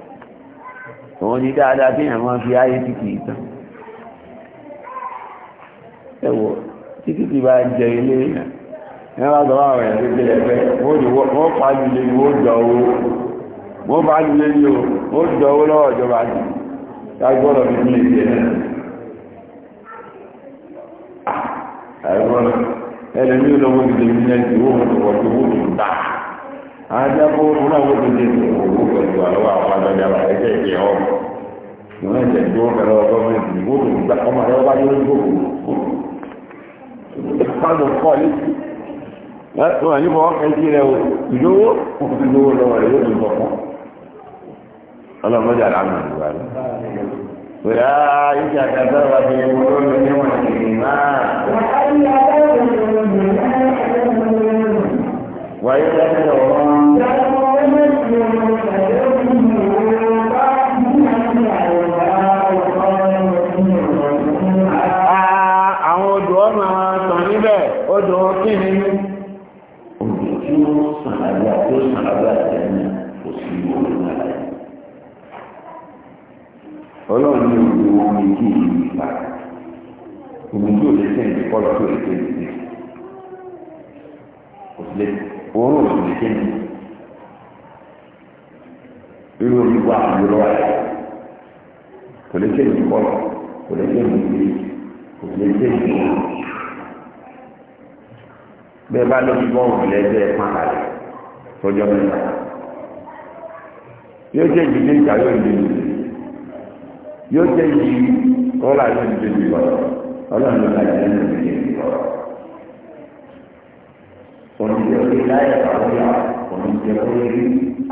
B: òun ni dáadáa tí èèyàn máa fi ayé títì ìtàn ẹwọ tí títì bá jẹ ilé èèyàn ẹ wá sọ àwọn èèyàn tó gbélé pé wọ́n pa lulẹ̀ ni wọ́n jọ owó wọ́n pa lulẹ̀ ni wọ́n jọ owó lọ́wọ́ tó wọ́n tó wọ́n tó dáa ajabu ọ̀nà owó tó dé owó pẹ̀lú àlọ́wọ́ àwọn adájára ẹgbẹ́ ìgbẹ́ ọ̀ wọn ẹ̀jẹ̀ tó kẹlẹ́ ọ̀gọ́ mẹ́rin ìwó tó gba ọmọ rẹ wá lórí gbogbo ìpàdé kọ́lé wọn ní fọwọ́ kẹ́jì rẹ o ìlówó ìlówó lọ́wọ́ rẹ yóò tó bọ̀ fún ọlọ́mọdé àlámà ìwà rẹ. Wòlá ìṣe àkàtà wà ní ìwọ lórí níwọ̀n ìgbìmọ̀. Wàyí gbà lọ́wọ́ rẹ̀ kò lè ṣe ìdíkọ́ kò lè kò lè bá yóò ìdílé yóò ìdílé yóò yóò ìdílé ìgbà ló ka ìdílé ìgbà òní láyé àwọn òní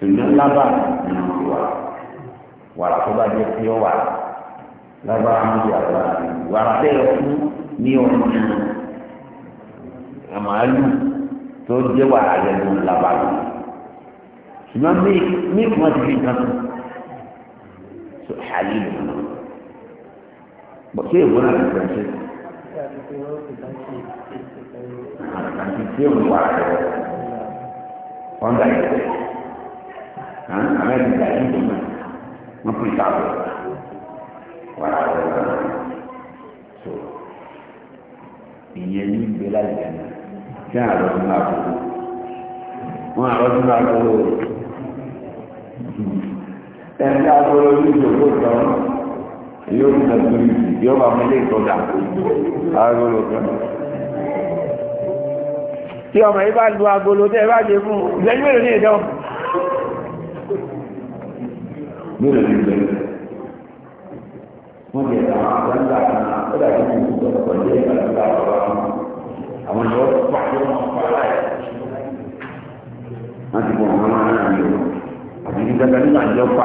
B: ṣùgbọ́n lábà nínú ìwà wàrà tó bá jẹ́ pé ó wà lábà ń yà wà wàrà bẹ́ẹ̀ fún ní ọ̀nà àmàlù tó jẹ́ wàrà rẹ̀ ló ń lábà lọ. ṣùgbọ́n mí kí wọ́n ti fi kan tó ṣàlì lò lọ. bọ̀ sí èwo náà ti fẹ́ ṣe. àti tí ó ń wà rẹ̀ wọ́n dà yẹn
A: àwọn ẹni ìgbà yìí tó náà
B: wọn fi sábà wàrà wọn náà so ìyẹn ní ìgbé láti jẹ náà tí àwọn àlọ́dún náà tó wọn àlọ́dún náà tó ẹni àgbọ̀rọ̀ ní ìjòkó ìtọ́ yóò fi tẹ̀sí yóò bá mi lé ìtọ́jà àgbọ̀rọ̀ kan tí ọmọ yìí bá lu agolo tẹ́ ẹ bá jẹ fún un ìgbẹ́jú mélòó ní ìjọba. yóò lè wọ́n ti ẹ̀dá kan ó dàbí kí ọ̀rọ̀
C: àwọn ìyọ́ wọn pa láì.
B: wọ́n ti bọ̀ wọn máa ń rìn lọ. àti ní gbàgbà nígbà ìjọ pa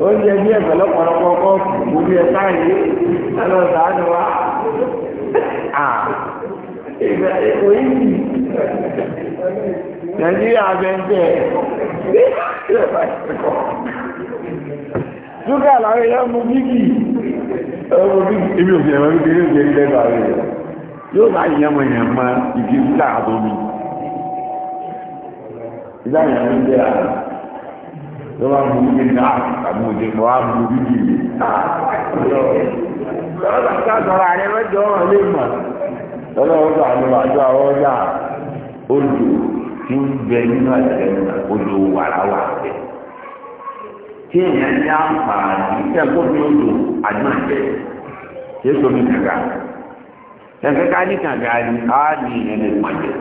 B: oúnjẹ bí ẹ̀fẹ̀ lọ́pọ̀lọpọ̀ kọ́ gbogbo ẹ̀ táyé lọ́dọ̀ sàánù wa òyìn
C: nàìjíríà abẹ́ńtẹ́
B: dúkà làwọn èèyàn mú bíkì ọmọ bíkì ibi òfin ẹ̀mọ́ bíkì yóò jẹ́ ilẹ̀ bàrẹ̀ yóò bá ìyẹn mọ̀ èèyàn mọ́ ìgbésí àtọ́mi ìdáyẹ̀mọ́ ń jẹ́ àrùn ló máa ń bu ibi náà tàbí òde kọ́ á bu ibi yìí. lọ́dọ̀ ká sọ̀rọ̀ àrẹ mẹ́jọ wọn lè mọ̀ lọ́dọ̀ wọn sọ àwọn àjọ àwọn ọjà odò tí ń bẹ nínú àjẹ náà odò wàràwà bẹ. tí èèyàn ní àǹfààní ìṣẹ́gun ní odò àdúrà jẹ yéṣu mi kàga kẹ̀kẹ́ ká ní kàga ni á ní ìyẹn lè pàjẹ́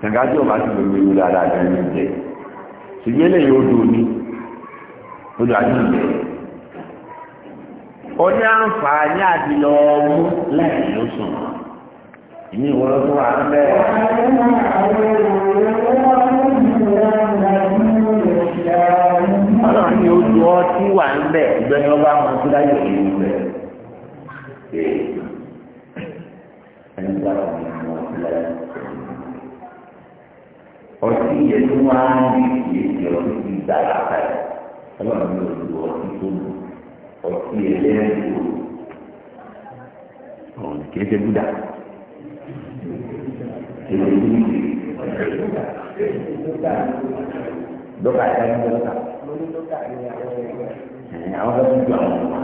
B: kàga tí o bá ti gbogbo ìlú dáadáa jẹ́ ní ìjẹ́ ṣùgbọ́n eléyìí odò ni ojú àti ìgbẹ́ ó ní àǹfààní àti lọ mú lẹ́yìn ló sùn ìní ìwọ́n tó wà ń bẹ́ẹ̀.
A: ọlọ́run ní ojú
B: ọtí wà ń bẹ̀ ìgbẹ́ni ọba máa tó ní àwọn ọlọ́run yóò lu ọtí tó lu ọtí ẹlẹ́rìí ọ̀hún kìí ṣe búdà
C: èdè yìí
B: dọ́kà ẹ̀ka ní dọ́kà àwọn bá tún ju àwọn
A: ọmọ.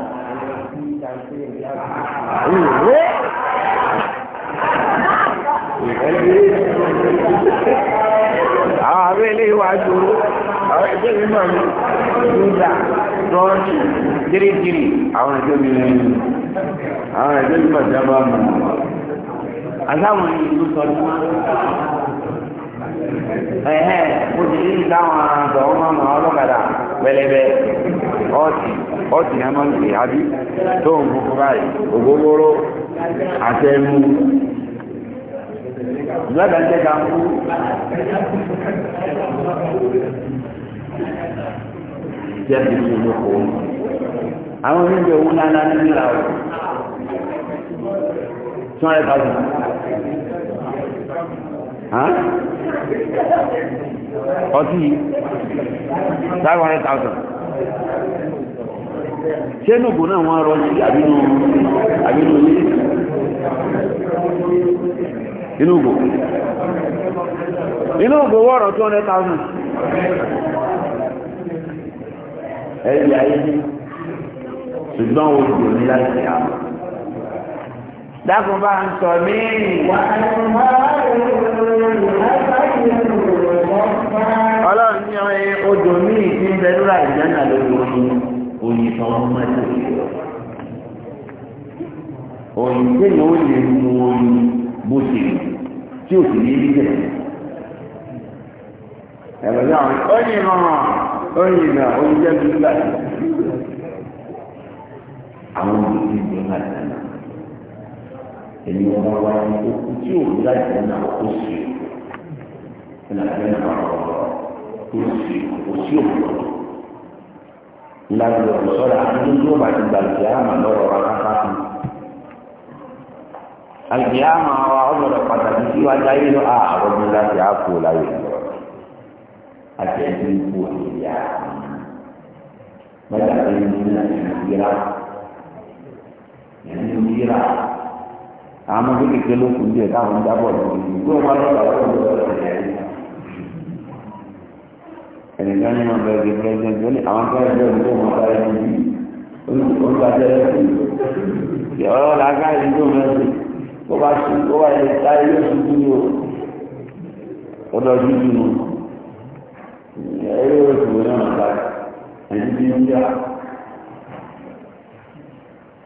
A: Àwọn
B: abẹ́lé wa dúró àwọn ẹgbẹ́ mi máa ń nígbà tọ́ọ̀tì gírígírí àwọn ẹgbẹ́ mi ní àwọn ẹgbẹ́ mi máa jábá mọ̀
C: àtàwọn ènìyàn tó sọ ní ẹ̀hẹ́ mo ti ní ìdáwọn àgbà ọmọ ọmọ ọlọ́kadà
B: pẹlẹbẹ ọtí ọtí máa ń pè ábí
C: tó tí a ti fi olóko àwọn oníbẹ̀ owó náà ní ìlà ọ̀ tí wọ́n rẹ̀ bá jù ọtí five hundred thousand ṣé nùgbò náà wọ́n rọ sí àbínú àbínú ilé
B: inú ògbò inú ògbò wọ́ọ̀rọ̀ two hundred thousand. ẹ̀rí ayé ní ṣùgbọ́n o jò ní láti àmọ́. dákun bá ń sọ mí. ọlọ́run ní ọ̀rẹ́ odò ní ìpín bẹ́lúrà ìjánà lórí oyin oyin tó ń mọ́tò oyin téèyàn ó lè ó yìn náà ó jẹ́ bí nígbà tí àwọn olùdíje ìgbẹ́ máa dà náà èmi wọn bá wá ní okùn tí òun láti náà ó sì ó náà fẹ́ náà ọ̀rọ̀ ó sì ó sí òun lọ́wọ́ lábẹ́ ọ̀sọ́ra àdúgbò bá ti gbàgbé àmà lọ́rọ̀ akáká fún un. àmà wa ọ̀gbọ̀dọ̀ pàtàkì síwájú ayé lọ àárọ̀ bí láti àpò láyé lọ àti ẹ̀sìn ipò ìyá mẹ́ta tó ń bí náà ìlú yíra ìlú yíra àwọn ọmọdé kékeré ló kù díẹ̀ káwọn ń dábọ̀ lórí ìlú tó wà lọ́wọ́ àwọn ọmọdé lọ́wọ́ ẹnìkan nínú ọbẹ̀ ẹgbẹ́ pẹ́sidẹ́ntì ó ní àwọn akẹ́kọ̀ọ́ ẹgbẹ́ òdúgbò wọn bá ẹni bí olùgbàjẹ́ ẹ̀sìn ọ̀rọ̀ làákà ìdúró mẹ́sìn ó bá yẹ táyé lóṣù tó yọ ọdọ̀ ẹ̀rọ ìṣòro náà máa báyìí ẹ̀yìn bí ń yá.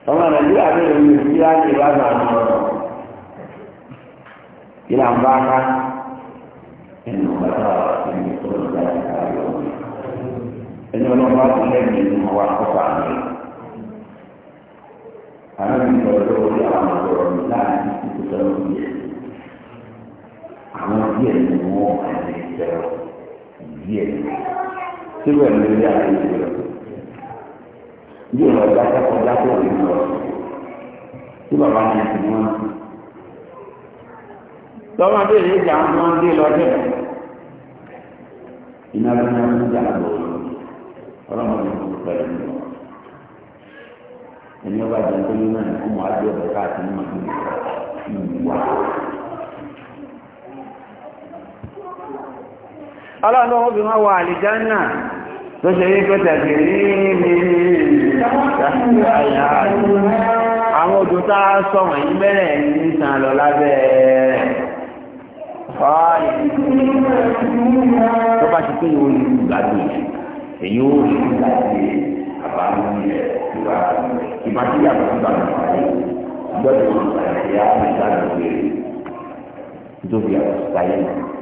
B: ọmọ nàìjíríà bẹ̀rẹ̀ ní ìdí láti ìbáṣà àwọn ọ̀rọ̀ kí là ń bá ká ẹnu bàtà ẹni tó ń gbà àti ìjẹun. díẹ̀ síbẹ̀ ní ilé àti bí lọ bàbá ní jà ń dé iná bí wọ́n ń jà lọ pẹ̀lú ẹni ọba náà kó adé káàkiri ọlọ́run ó bí wọ́n wọ àlìjánà tó ṣe rí pé tẹ̀sí rí ní àyà àwọn odò tá a sọ wọ̀nyí bẹ̀rẹ̀ ní sàn lọ lábẹ́ fọ́ọ̀lì tó bá ti pé ìwọ ní ìgbàgbé èyí ó rí ìgbàgbé àbámu ilẹ̀ ìwà ìbátí àbámu ìgbàgbé gbọ́dọ̀ ìgbàgbé àbámu ìgbàgbé tó fi àwọn ìgbàgbé náà.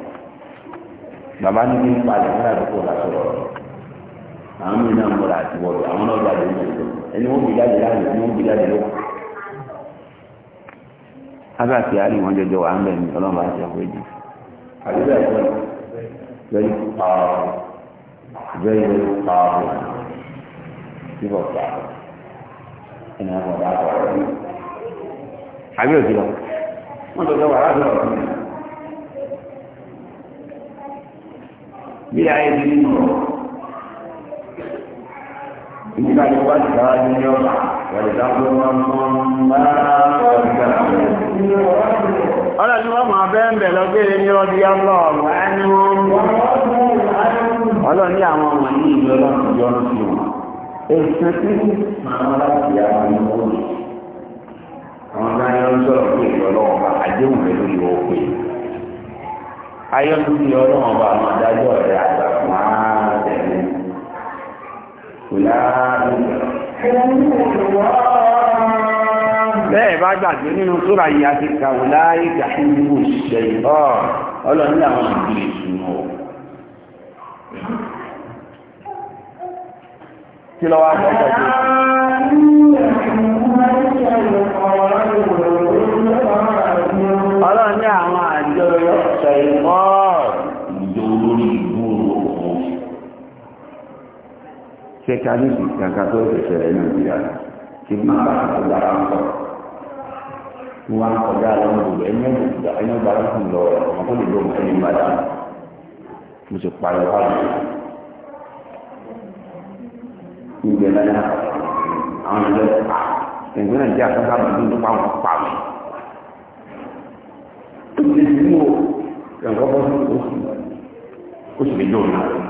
B: Baba ní kí n palẹ̀ nígbà tó kò lásọ̀rọ̀ àwọn mi náà múra àti wọ̀lọ̀ àwọn náà jáde ní ìlú ẹni wọ́n bí jáde láàyè ẹni wọ́n bí jáde ló. ága àti àárí wọn jọjọ wà ń bẹ̀ ní ọlọ́mọ àti ọkọ̀ èjì. àdúgbò ẹ̀kọ́ ni very powerful very very powerful give up that ẹni lọ wọ́n bí ayé ti ń bọ̀. Nígbà tí wọ́n ti dára ní ọ̀la, wọ́n ti dára wọn mọ́ ọ̀la tí wọ́n máa bẹ́ẹ̀ ní àwọn ọmọ yìí ìlú ọlọ́run yọ ọ́nà sí wọn. tí màmá láti yà wọn ní Àwọn ọ̀gá ni wọ́n sọ̀rọ̀ ìlú ọlọ́run bá ayọ́dúnrún ọlọ́run ọba àwọn adájọ́ rẹ̀ àgbà fún àtẹ̀lé bẹ́ẹ̀ bá gbàgbé nínú sóra yìí a ti ka wò láyé gàfún òṣìṣẹ́ ìbọ̀ ní àwọn ìdílé ìṣúná kí tó tẹkaniki kankan tó ṣẹ̀ṣẹ̀ rẹ nàìjíríà kí n má bàa tó dára ń bọ̀ wọn kọjá lọ ń bọ̀ ẹni ìgbà ẹni ọgbà ló ń lọ ọmọ tó lè lọ mọ ẹni bá mo sì pariwo wá lọ ìgbẹ lẹ́yìn àwọn ẹgbẹ́ pa ẹgbẹ́ nàìjíríà kan sábà ń dúró pa wọn pa mi tó ti di mú o kankan bọ́ oṣù oṣù méjì òun náà.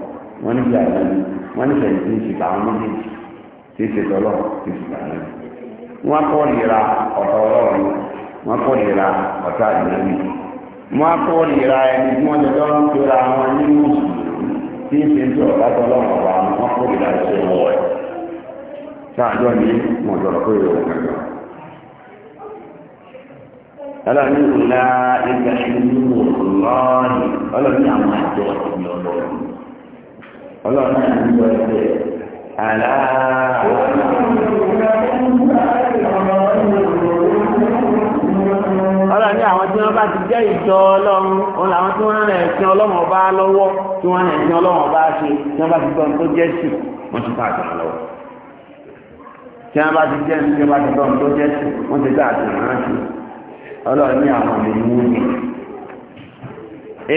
B: wọ́n níbi àná wọ́n ní sẹ́yìn ń ṣe tàwọn méjèèjì tí ń ṣe tọ́lọ̀ tí ń ṣe tàwọn méjèèjì. wọ́n kọ́ ìlera ọ̀tọ̀ ọlọ́run wọ́n kọ́ ìlera ọ̀tá ìlẹ́mì wọ́n kọ́ ìlera ẹni tí wọ́n jọjọ́ ń tóra wọn ní mùsùlùmí tí ń ṣe ń tó ọ̀tá tọ́lọ́run ọ̀bà wọn kọ́ ni ìlà ìgbà ìlú ọlọ́run ọlọ́run àwọn àjọ ìlú ọlọ́run ọlọ́run náà ń lọ ẹgbẹ́ àlá. ọlọ́run ní àwọn tí wọ́n bá ti jẹ́ ìjọ ọlọ́run òun làwọn tí wọ́n rán ẹ̀sìn ọlọ́run ọba lọ́wọ́ tí wọ́n rán ẹ̀sìn ọlọ́run ọba ṣe tí wọ́n bá ti gbọ́n tó jẹ́ sí wọ́n ti bá àgbà lọ́wọ́ tí wọ́n bá ti jẹ́ sí wọ́n bá ti gbọ́n tó jẹ́ sí wọ́n ti bá àgbà ránṣẹ́ ọlọ́run ní àwọn ìlú ní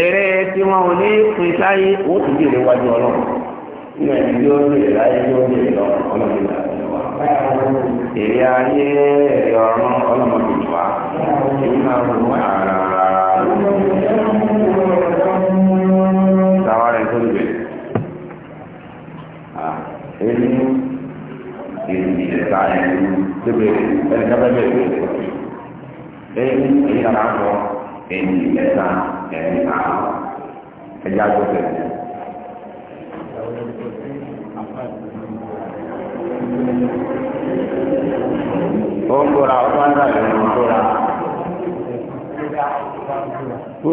B: eré tí wọ́n ò ní pin sáyé wọ́n ti dèrè wájú ọlọ́run nínú ẹni tí ó ń bèrè láyé tí wa. èrè ayé ẹ̀rẹ̀ ọ̀run ọlọ́mọdé wa èyí máa ń wọ ara táwa tó lè bẹ̀rẹ̀. èyí èyí ìdílé ta tó bẹ̀rẹ̀ ẹni ká bẹ́ẹ̀ bẹ̀rẹ̀ èyí èyí àná kọ èyí ẹ̀ta ẹ̀ta ẹ̀yà tó bẹ̀rẹ̀ ó
C: ń bóra ó bá ń rà lórí ń bóra kó o lè má bóra kó o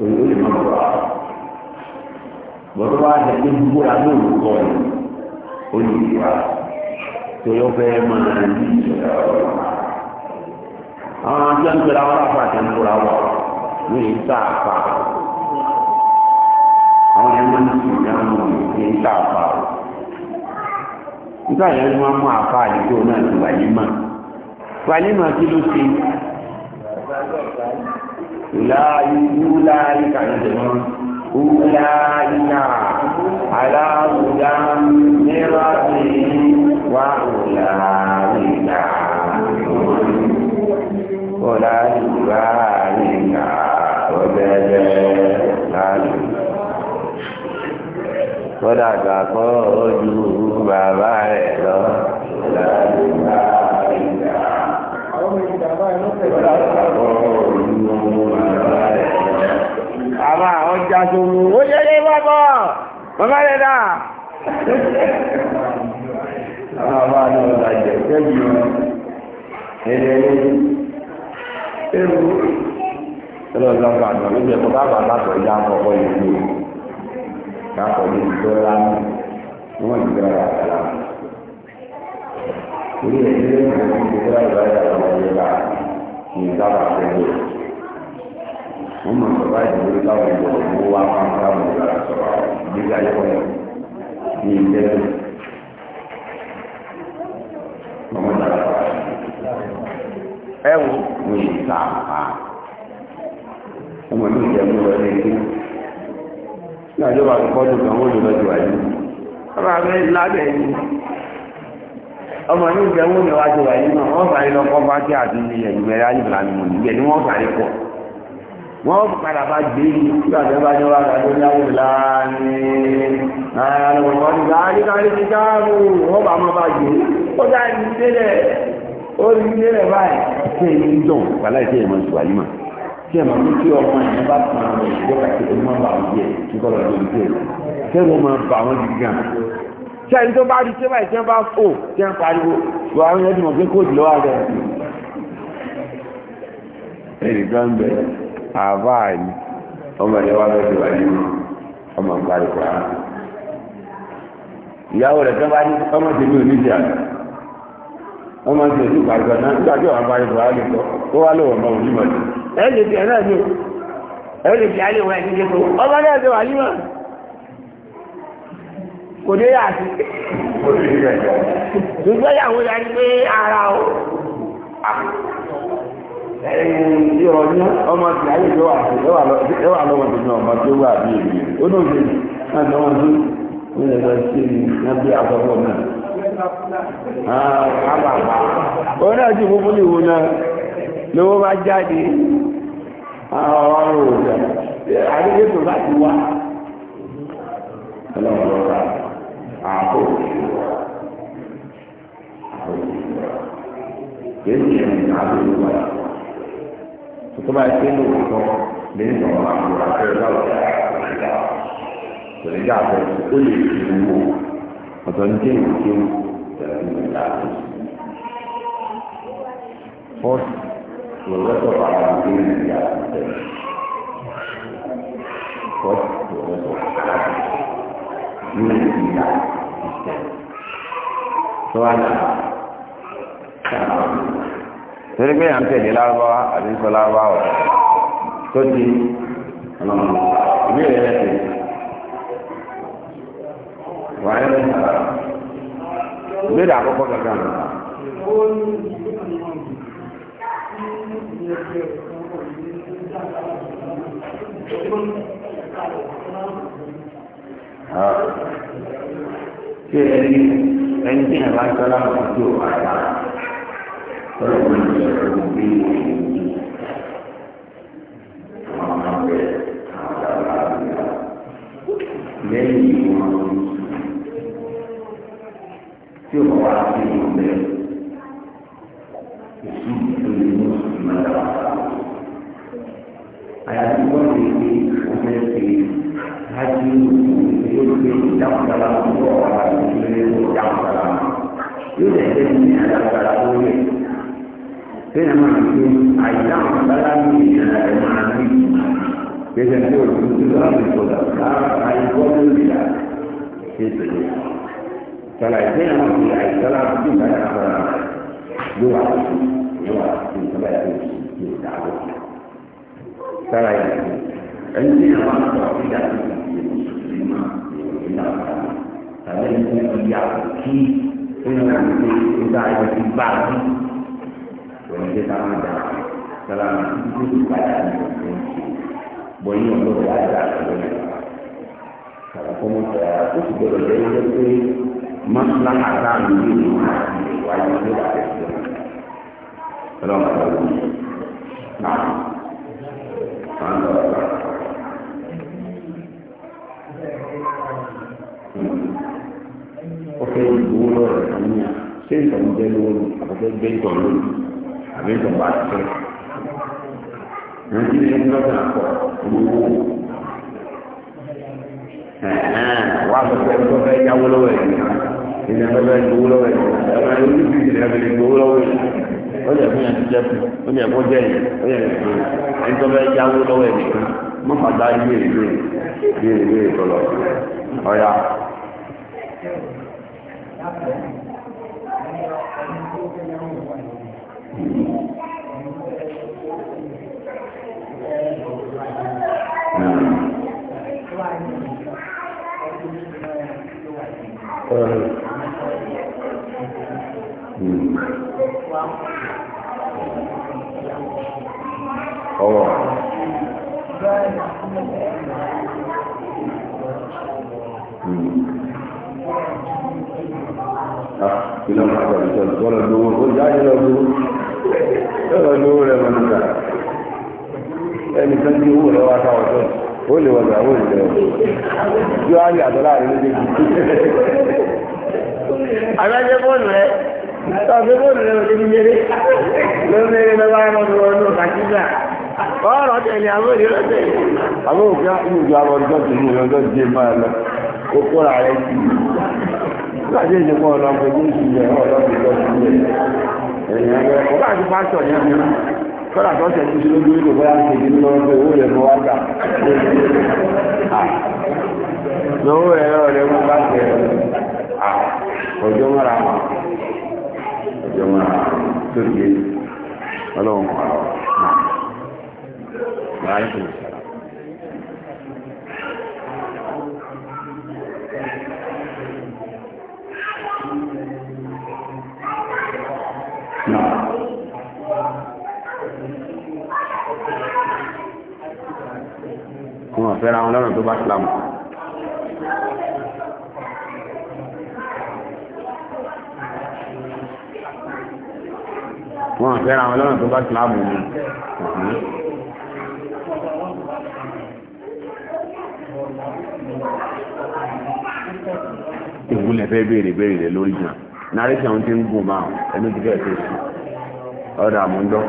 B: lè má bóra bọ́dọ̀ wá jẹ́ pé bóra ló ń kọ́ ẹ̀ ó lè bóra tó yọ fẹ́ máa ń yí ìṣẹ̀lẹ̀ ọ̀rọ̀ àwọn àti àti pẹ̀lú àwọn afọ àti àti bóra wà ní ìta àpá àwọn yẹn máa ń sùn ìdáhùn ní níta àfa o nígbà yẹn ni wọ́n mú àfa àdìgbò náà ti wàlímà
C: wàlímà kí ló ṣe
B: ìlàyé kàyé tẹ̀wọ́n ìlàyé aláwùdá mẹ́rọ̀dé wà ìlàyé ọ̀làyé báyìí. kódà gbàgbọ́ ojú bàbá rẹ̀ lọ. Àbá àwọn jásòmù, ó ṣe ní bọ́bọ̀, bàbá rẹ̀ dà. Àbá àwọn ọ̀dàjẹ̀ tẹ́jú ẹ̀rẹ̀ ẹ̀rù. Ẹlọ́dọ̀ àgbà àgbà ló jẹ́ kó bá bàbá sọ̀rọ̀ ìyá ọkọ̀ ìlú kakọ ní dọ́là ní wọ́n ti gbára àgbàlá. Orí ẹ̀sìn lẹ́yìn ìgbà tí ìgbà ìgbà ìgbà ìgbà ìgbà ní ìdábà pẹ̀lú. Wọ́n mọ̀ sọ báyìí lórí káwọn ìgbà ìgbà wá máa ń káwọn ìgbà sọ̀rọ̀ ìgbésí ayé wọn ní ìgbésí. Mọ̀mọ́ ìgbà sọ̀rọ̀. Ẹ wo mo ìta àpá. Ọmọ ìlú ìjẹun lọ ní ní àjọba àkọ́kọ́ tó kàn wọ́n lò lọ́jọ́ àyè ọba mi lábẹ́ yìí ọmọ ní ìjẹ́ wọ́n ní wájú àyè náà wọ́n sáré lọ kọ́ fáṣí àti ẹ̀yìn mẹ́rin alìbìlà ni mo níbẹ̀ ni wọ́n sáré kọ́ wọ́n padà bá gbé yìí tí àjọ bá ní wàhálà tó ní alìbìlà ni àwọn ọmọ ní káàdì káàdì ti dáàbò wọ́n bá máa bá gbé ó dá ìdílé rẹ̀ ó rí ìdílé rẹ̀ báyìí tí ẹ̀ máa ń tí ọmọ yẹn bá tàn án rẹ̀ ìjọba tí ó máa ń bà wọ́n yẹ kí kọ́ lọ́ọ́ lórí tẹ̀ kẹ́rù máa bà wọ́n gidi gan. tí ẹni tó bá rí tí báyìí tí wọ́n bá fò tí wọ́n pariwo wọ́n á yẹn dùnmọ̀ pé kóòtù lọ́wọ́ rẹ̀. ẹnì kan bẹ àbá yìí ọmọ yẹn wá lọ́sẹ̀ wá yìí ọmọ ń ìyàwó rẹ̀ tó bá ní ọmọ tèmi ò ní wọ́n máa ń tẹ̀lé ìgbàgbọ́ náà nígbà tí ọ̀rọ̀ àbáyé buhari lè sọ tó wá lọ́wọ́ ọmọ òní mọ̀ ẹ lè fi ẹ̀rọ ẹ̀mí ẹ lè fi alẹ́ wọn ẹ̀mí jẹ́ tó ọmọ náà ṣe wà nímọ̀ kò dé yà sí. ṣùgbọ́n ìyàwó ya ni pé o ìrọ̀ ní ọmọ ti ayé tó wà sí ẹwà lọ́wọ́ tó
C: ọ̀rẹ́ àti ìfúnfún ìwò náà lówó
B: bá jáde ọ̀rọ̀ òjò àdéhùn tó bá ti wá
C: ọlọ́run rà
B: àbò yéé ṣe ní àbò ìwà tó bá ṣe ní òkú lè ń sọ̀rọ̀ àbò àti ìwà ọ̀tọ̀ ní jẹ́ ìwé First, the rest of
C: our being is First, the rest of our unity is
A: there.
B: So I torí pé à ń tẹ̀lé lárúbáwá àti sọ lárúbáwá tó di ọ̀nà ìbéèrè rẹ̀ tẹ̀lé wà á
C: yẹn àkọ́kọ́ kankan nù.
B: ṣé ẹni ẹni tí yẹn bá ń sọ́lá mọ̀ tó àyà ọ̀rọ̀ mi ń sọ̀rọ̀ bí ìlú àwọn ọmọ bẹ̀rẹ̀ àwọn ọ̀dà lẹ́yìn. tí o wá sí ìgbẹ́ ìsú tó lè mú ìmọ̀ ẹ̀rọ
C: àyàfi wọ́n lè fi
B: ọmọ ẹ̀sìn láti ìlú yóò gbé ìdáhùnsára fún ọ̀rọ̀ àti ìlú yóò dáhùnsára yóò lè fẹ́ ní àdáhùnsára tó yẹ bẹ́ẹ̀ ni wọ́n ti àìdáhùnsára ní ìlànà rẹ̀ máa ní ìtumọ̀ bẹ́ẹ̀ ni wọ́n ti lọ́wọ́ ìfọ̀dà láàrín àìkọ́ lórí ìlànà ṣé ìtòlẹ́yìn sọlá ìgbé yẹn náà fi àìsọlá bí ìgbà yàrá sọlá yóò wà lóṣù yóò wà lóṣù ìjọba yàrá lóṣù yóò dá lọ. sọlá yẹn ẹni tí yẹn wà sọ ìjà tó ti di mùsùlùmí máa yóò ní àwọn ọ̀gá tàbí ẹni tí wọ́n yà kó kí nínú àti ìgbà yẹn ti bá a bí wọ́n ti ká máa dà sọlá yẹn tó ti padà ní ọ̀gbìn bọ̀ yín ọ̀gbọ́n wà dà lọ́wọ́ yẹn. Àwọn ọmọ sọ̀rọ̀ àkóso gbọdọ̀ lẹ́yìn lọ́pẹ́ maslahata yìí wáyé ní ìdàgbẹ́ ọlọ́run ọlọ́run náà máa ń lọ ọ̀gá. ọ̀fẹ́ ìgbówó lọ́rọ̀ àníyàn ṣé ìtàn jẹ́ lówó ni àbọ̀fẹ́ gbé ìtàn lónìí àbí ìtàn bá ti
C: fẹ́. nàìjíríà ń lọ́dà pọ̀ owó
B: wà á fẹ́ tó fẹ́ yáwó lọ́wọ́ ẹ̀ ìdí ẹ̀fẹ́ fẹ́ gbowó lọ́wọ́ ẹ̀ ẹ̀fẹ́ yóò ní bíi ìdí ẹ̀fẹ́ gbowó lọ́wọ́ ẹ̀ ó yẹ fún yẹn ti jẹ́ fún ó yẹ kó jẹ́ yẹn ó yẹ fún ẹni tó fẹ́ yáwó lọ́wọ́ ẹ̀ nìkan mọ́ fàdá ilé ìlú ilé ìlú ìtọ́lọ́ ọ̀ya.
C: Thank you. ọwọ́
B: ìlànà àgbà ìjọba lọ́nà lówó ó jáde lọ lówó lọ́nà lówó rẹ̀ mọ́nìkà ẹnìkan tí owó rẹ̀ wá sáwọ́ ó lè wọlé àwọn ìlẹ̀ yóò á yà lọ láàrin méjèèjì.
A: àgbàjẹ bọ́ọ̀lù rẹ tọ́sí bọ́ọ̀lù rẹ lórí mẹ́rẹ́ lórí mẹ́rẹ́ lọ́wọ́ àwọn ọmọ ọdún kàkíjà ọ̀rọ̀ tẹ̀lé àwọn èdè lọ́tẹ̀.
B: àwọn òkè ìjọ àwọn ọjọ́ tó ní ọjọ́ jẹ máa lọ kó kóra rẹ sí láti èdè kan ọ̀nà ọ̀gbẹ́ni ìṣìyẹ ọ̀nà ọ̀gbẹ́ni ìṣìyẹ ẹ̀yìn kọ́lá tó ṣe kúṣe lójú ìlú bóyá ń tèmi lọ pé owó rẹ̀ mọ́ wá gbà lọ́wọ́ ẹ̀rọ rẹ̀ mú bá tẹ̀ ọjọ́ mọ́ra wọn ọjọ́ mọ́ra tó yé ọlọ́run pàrọ̀ náà
C: fẹ́ra wọn lọ́nà tó bá Islam. wọ́n fẹ́ra wọn lọ́nà tó bá Islam ni. ìgúnlẹ̀
B: fẹ́ béèrè béèrè rẹ̀ lórí jàn náírà tí àwọn ti ń gùn máa ẹnu ti fẹ́ẹ̀ tó sùn ọ̀dà àmúndọ́.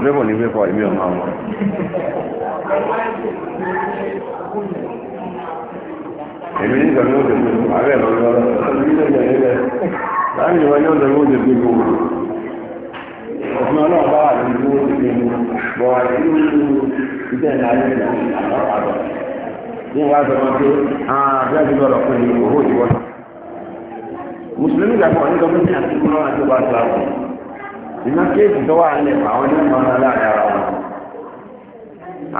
B: gbẹ́bọ̀ ní gbẹ́kọ̀ ìmí ọmọ ọmọ
C: èmi ní ìgbà yóò dẹ̀gbẹ́ ààrẹ lọ lọ
B: láàrin ìwà yóò dẹ̀gbẹ́ òde gbé gbogbo òfin ọlọ́run bá wà ní ìlú òde gbé gbogbo bọ̀ wà ní ìjẹ́ ìlànà ìlú àlọ́pàá ní wàá sọ wọn pé ààbẹ́ ah, àti lọ́rọ̀ pé owó ìwọ́sàn mùsùlùmí gbàgbọ́ nígbà mú ní àti kúrọ́ àti wàá sọ àwọn iná kéèkì tó wà nílẹ̀ àwọn ní ọmọ aláàdára wọn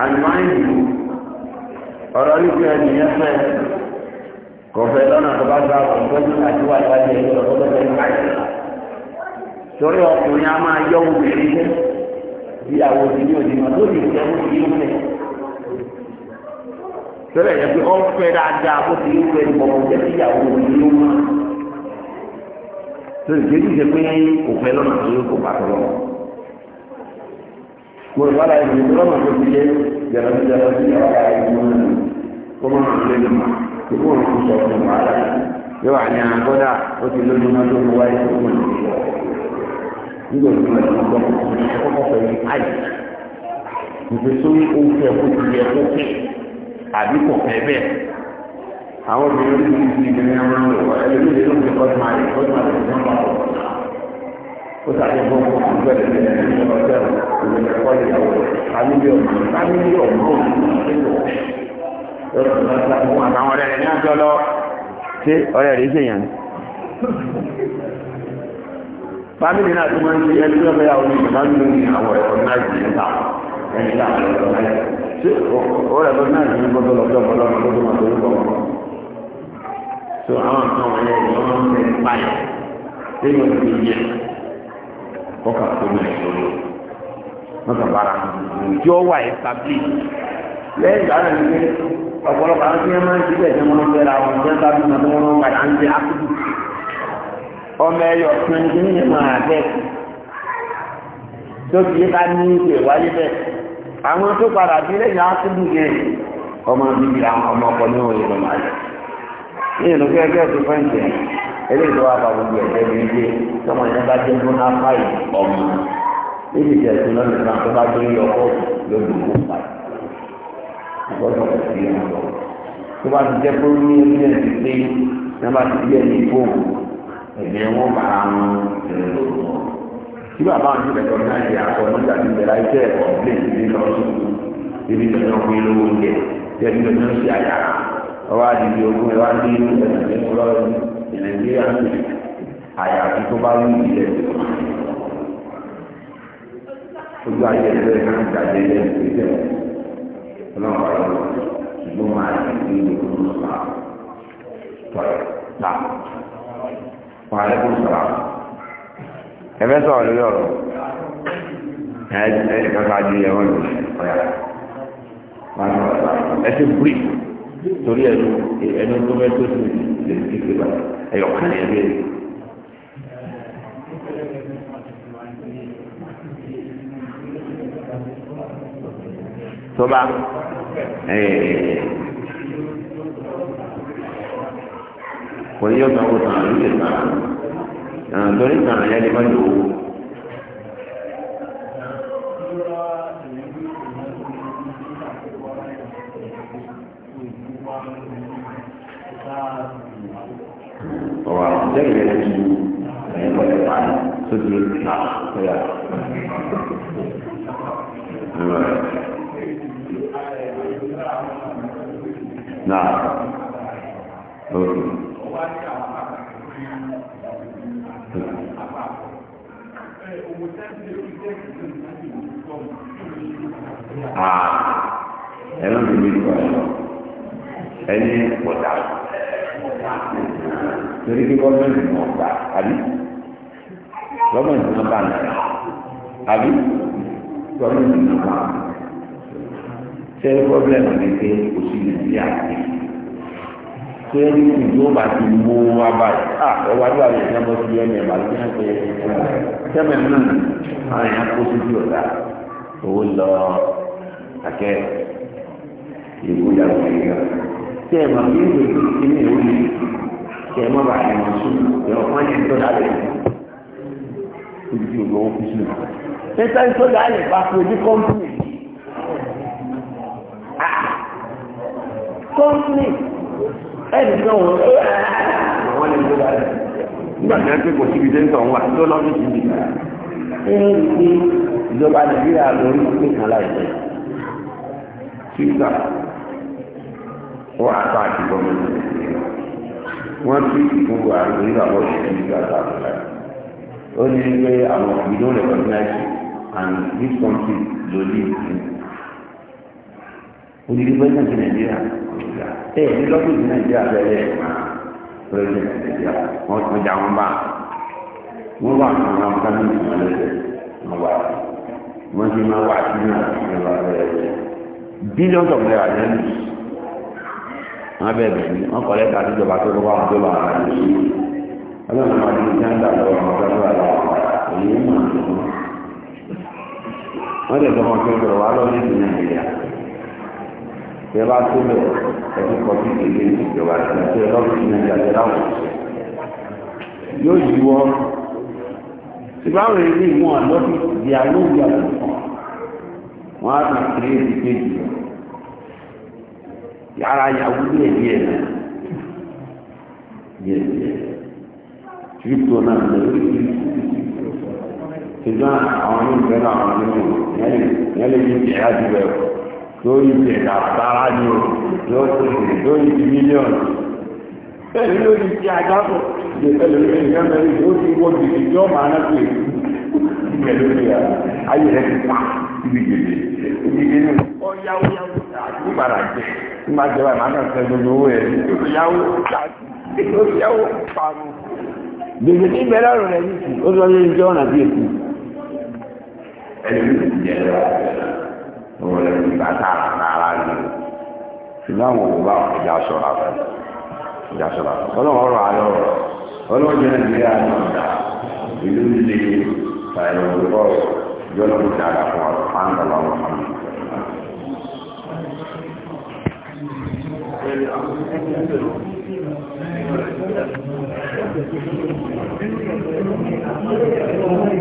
B: àìmáìlú ọ̀rọ̀ wípé ẹni yẹn fẹ́
C: kọfẹ́ lọ́nà tó bá
B: gba ọ̀gbọ́jú àti wà láti ẹni lọ́wọ́ tó fẹ́ báyìí torí ọkùnrin a máa yọ obìnrin jẹ́ ìyàwó ti ní òdìmọ̀ tó lè jẹ́ fẹ́ fẹ́ dáadáa bó ti fẹ́ jẹ́ lórí ìdí ìdí pé òfin lọ́nà tó yẹ kó pàtó lọ. mo rò wára ìdí ìdí lọ́nà tó ti yẹ jẹ̀rọ sí jẹ̀rọ sí jẹ̀rọ ká ìdí mọ́ ní kó má lọ lórí mà kó kó òun kó sọ fún wàhálà yóò wà ní àgọ́dà ó ti lójú mọ́ tó ń wáyé tó mọ̀ nígbà tó ń lọ sí ọkọ̀ kọ́kọ́ pẹ̀lú àyè ìfẹ́ sórí oúnjẹ kó ti yẹ kó kí àbí kò fẹ́ bẹ́ẹ̀ àwọn obìnrin orí ti di ìgbìmọ̀ ẹ̀rọ ń lò ẹlẹ́bí lè lóun ti kọ́ máa lè kọ́ máa lè fún ọmọ ọ̀rọ̀ ó sàlẹ̀ fún ọmọ ọ̀gbẹ́ rẹ̀ ní ẹ̀rọ ní ọjọ́ ìwé ẹ̀kọ́ ìyàwó fámílì ọ̀mọ fámílì ọ̀mọ òun àtàwọn ọ̀rẹ́ rẹ̀ ní àjọ lọ ṣé ọ̀rẹ́ rẹ̀ ṣèyàn fámìlì náà tó máa ń ṣe ẹni tó bẹ́yà omi ìfàmìlì ní àwọn ẹ̀kọ́ náà jì níta ẹni láàrín ọ̀rọ̀ ṣé ó rẹ̀ lọ náà ní gbọ́dọ̀ lọ́jọ́ bọ́lọ́mọ lọ́dún ọ̀dọ́ So àwọn nǹkan wọn yẹn ni wọn ń tẹ báyìí tí wọn ti yẹ kọkà tó lè lòlò wọn kà bára ìjọ wà ẹsàbí lẹ́yìn ìgbà náà ni pé ọ̀pọ̀lọpọ̀ àwọn tí wọn máa ń ṣe bẹ́ẹ̀ tí wọn ń fẹ́ra wọn tí wọn bá bí wọn tí wọn ń padà ń jẹ ákúdù
C: ọmọ ẹyọ kan ní ní máa bẹ
B: tó fi ká ní ìpè wáyé bẹ àwọn tó padà bí lẹ́yìn ákúdù yẹn ọmọ bíbí àwọn ọmọ ọkọ ní òye lọ máa yẹ ní ìlú kẹ́kẹ́ tó fẹ́ǹtì eléyìí tó wà bá gbogbo ẹ̀jẹ̀ mi gbé tọmọ yẹn bá dé mú náfàì ọmọ níbi ìjẹ́ tó lọ́nà ìgbà tó bá dé yọkọ́ lójú kó pa ìgbọ́dọ̀ kò sí ẹ̀ lọ. tó bá ti jẹ́ pé ní ilé ti pé náà bá ti di ẹni ìbò ẹ̀mí wọn bá wọn ẹ̀rọ lọ́wọ́. tí bàbá àwọn ìbẹ̀tọ̀ ní àjẹ àkọ́ ọwọ́ àdìbí ogun ẹwà ní ìlú ẹ̀sìn lọ́rùn nàìjíríà ní àyàfi tó bá wù ilẹ̀ ojú ayé ẹgbẹ́ náà gbàdé ilẹ̀ ìgbésẹ̀ ọlọ́run ọ̀rọ̀ ṣùgbọ́n máa ń fi ìlú pa tọ̀rọ̀ ta wọn àlẹ́ kò sọ̀rọ̀ ẹ̀fẹ́ sọ̀rọ̀ lórí ọ̀rọ̀ ẹ̀ẹ́dẹ̀ẹ́dẹ̀ kankan ju ẹ̀wọ̀n lò ọ̀yà
C: wọn sọ̀rọ̀
B: ẹ̀sìn bíríkì torí ẹnu ẹnu tó bẹ tó ti lè ti fi ba ẹyọ kan yẹn bẹ.
C: tọba kò ní yọ sanwó san àlùfẹ́ san àtọ́rí san àyàdé má lò ó. ọ̀rọ̀ àwọn ìjẹ́rìí rẹ̀ ti ẹ̀yìn lọ́lẹ̀ pàdé sójú náà sọ́yà. Náà lórí.
B: Ah, ẹ̀rọ mi ẹni pọ̀ dàgbà torí pé gọ́ọ̀mẹ̀ntì náà gbà àbí gọ́ọ̀mẹ̀ntì náà bá nàá àbí gọ́ọ̀mẹ̀ntì náà bá ṣé pọ́blẹ́mù ni pé kò sí nàìjíríà ní ṣé ní kí ló bá ti mú wa báyìí à ọwọ́ adúlá rẹ̀ ní ọmọ sí ẹ̀mí ẹ̀bà lókè náà sẹ́mi náà àwọn èèyàn kó sí ọ̀dà owó lọ akẹ́ ìwúyàwó ẹ̀yà tẹ ma fi ń gbèsè sí ìwé yìí tẹ ẹ bàa ẹ ma sùn ẹ ọ fún ẹni tó dálẹ ojú ìwé wọn kú sí ìwé tó dálẹ bá fún ojú kọ́mpìnì
C: kọ́mpìnì ẹnì kan wọn wọn lè tó dálẹ nígbà tí wọn
B: pè kò síbi tẹ́ńtọ̀ wà tó lọ́dún sí ibi ẹ ẹ rí ìjọba nàìjíríà lórí pé kan láì pẹ́ wọ́n àtọ́ àti gọ́ọ̀mẹ̀ntì wọ́n fi ìgbóngbò àrùn nígbà wọ́n ṣe ní ìgbà tó àbúrà ó ní pé àwọn we don't recognize and this country ló ní ìlú òdìdí pẹ́sẹ̀ ti nàìjíríà ẹ̀ ní lọ́kùn ti nàìjíríà bẹ́ẹ̀ máa pẹ́sẹ̀ nàìjíríà wọ́n ti jà wọ́n bá wọ́n wà fún àwọn kámi ìmọ̀lẹ́sẹ̀ wọ́n wà wọ́n ti máa wà sínú àwọn ìlú ọ̀rẹ́ bílíọ̀nù ọ̀gbẹ́ àjẹ́lùsì wọ́n bẹ̀rẹ̀ ní wọ́n kọ̀ lẹ́tà àtijọba tó lọ́wọ́ àwọn ìjọba àwọn àti ìṣe ọlọ́run máa ní ìjà ń gbà lọ́wọ́ àwọn ọ̀gá tó wà èyí ń mọ̀ ní wọ́n lè tọmọ pé ọ̀rọ̀ wa lọ́wọ́ ní nàìjíríà tẹ bá tó lọ ẹtún kọ sí kéde ní ìjọba àti ẹlọ́wọ́ sí nàìjíríà tẹ láwọn yóò yíwọ́ ìbáwọ̀ ilé ìmú àlọ́bí di alóògbé àtúntàn wọ́n á kàn kéré ìdíkejì rẹ̀ ara yàwó díẹ̀ díẹ̀ náà díẹ̀ díẹ̀ kíríptò náà lè rí ṣùgbọ́n
C: àwọn ní náà àwọn nínú ìyẹn lè ní ìjẹ́ àti bẹ̀rù
B: lórí ìjẹ́ àtàrà ni o lórí ti mílíọ̀nù bẹ́ẹ̀ ni lórí ti àjábọ̀ ìjẹ́ tẹ́lẹ̀ lórí ìjẹ́ mẹ́rin ó ti wọ́n ti ìjọ́ màá náà pè é ìgbẹ́ ló ṣe yàrá ayé rẹ̀ ti pa ibi gèdè ibi gèdè
A: ọ̀yáwó yáwó àti ìbára jẹ nígbà jẹ báyìí máa kàn sẹ́ gbogbo owó ẹ̀ ìyáwó
B: ìyáwó parun. gbèsè ní ìbẹ̀rẹ̀ ọ̀rọ̀ rẹ̀ yìí ó sọ yé iṣẹ́ ọ̀nà bíi èkó. ẹni mi ti jẹ ẹ̀rọ ọ̀rọ̀ rẹ̀ ti bá tààrà náírà ni ṣùgbọ́n àwọn òwúrọ̀ ìjà sọ̀rọ̀ àfẹ́ ìjà sọ̀rọ̀ àfẹ́ ọlọ́run ọ̀rọ̀ àlọ́ ọlọ́run jẹ́ nàìjíríà náà ìlú ilé saya nak berdoa yo nak bicara kuat pan dalam
C: Allah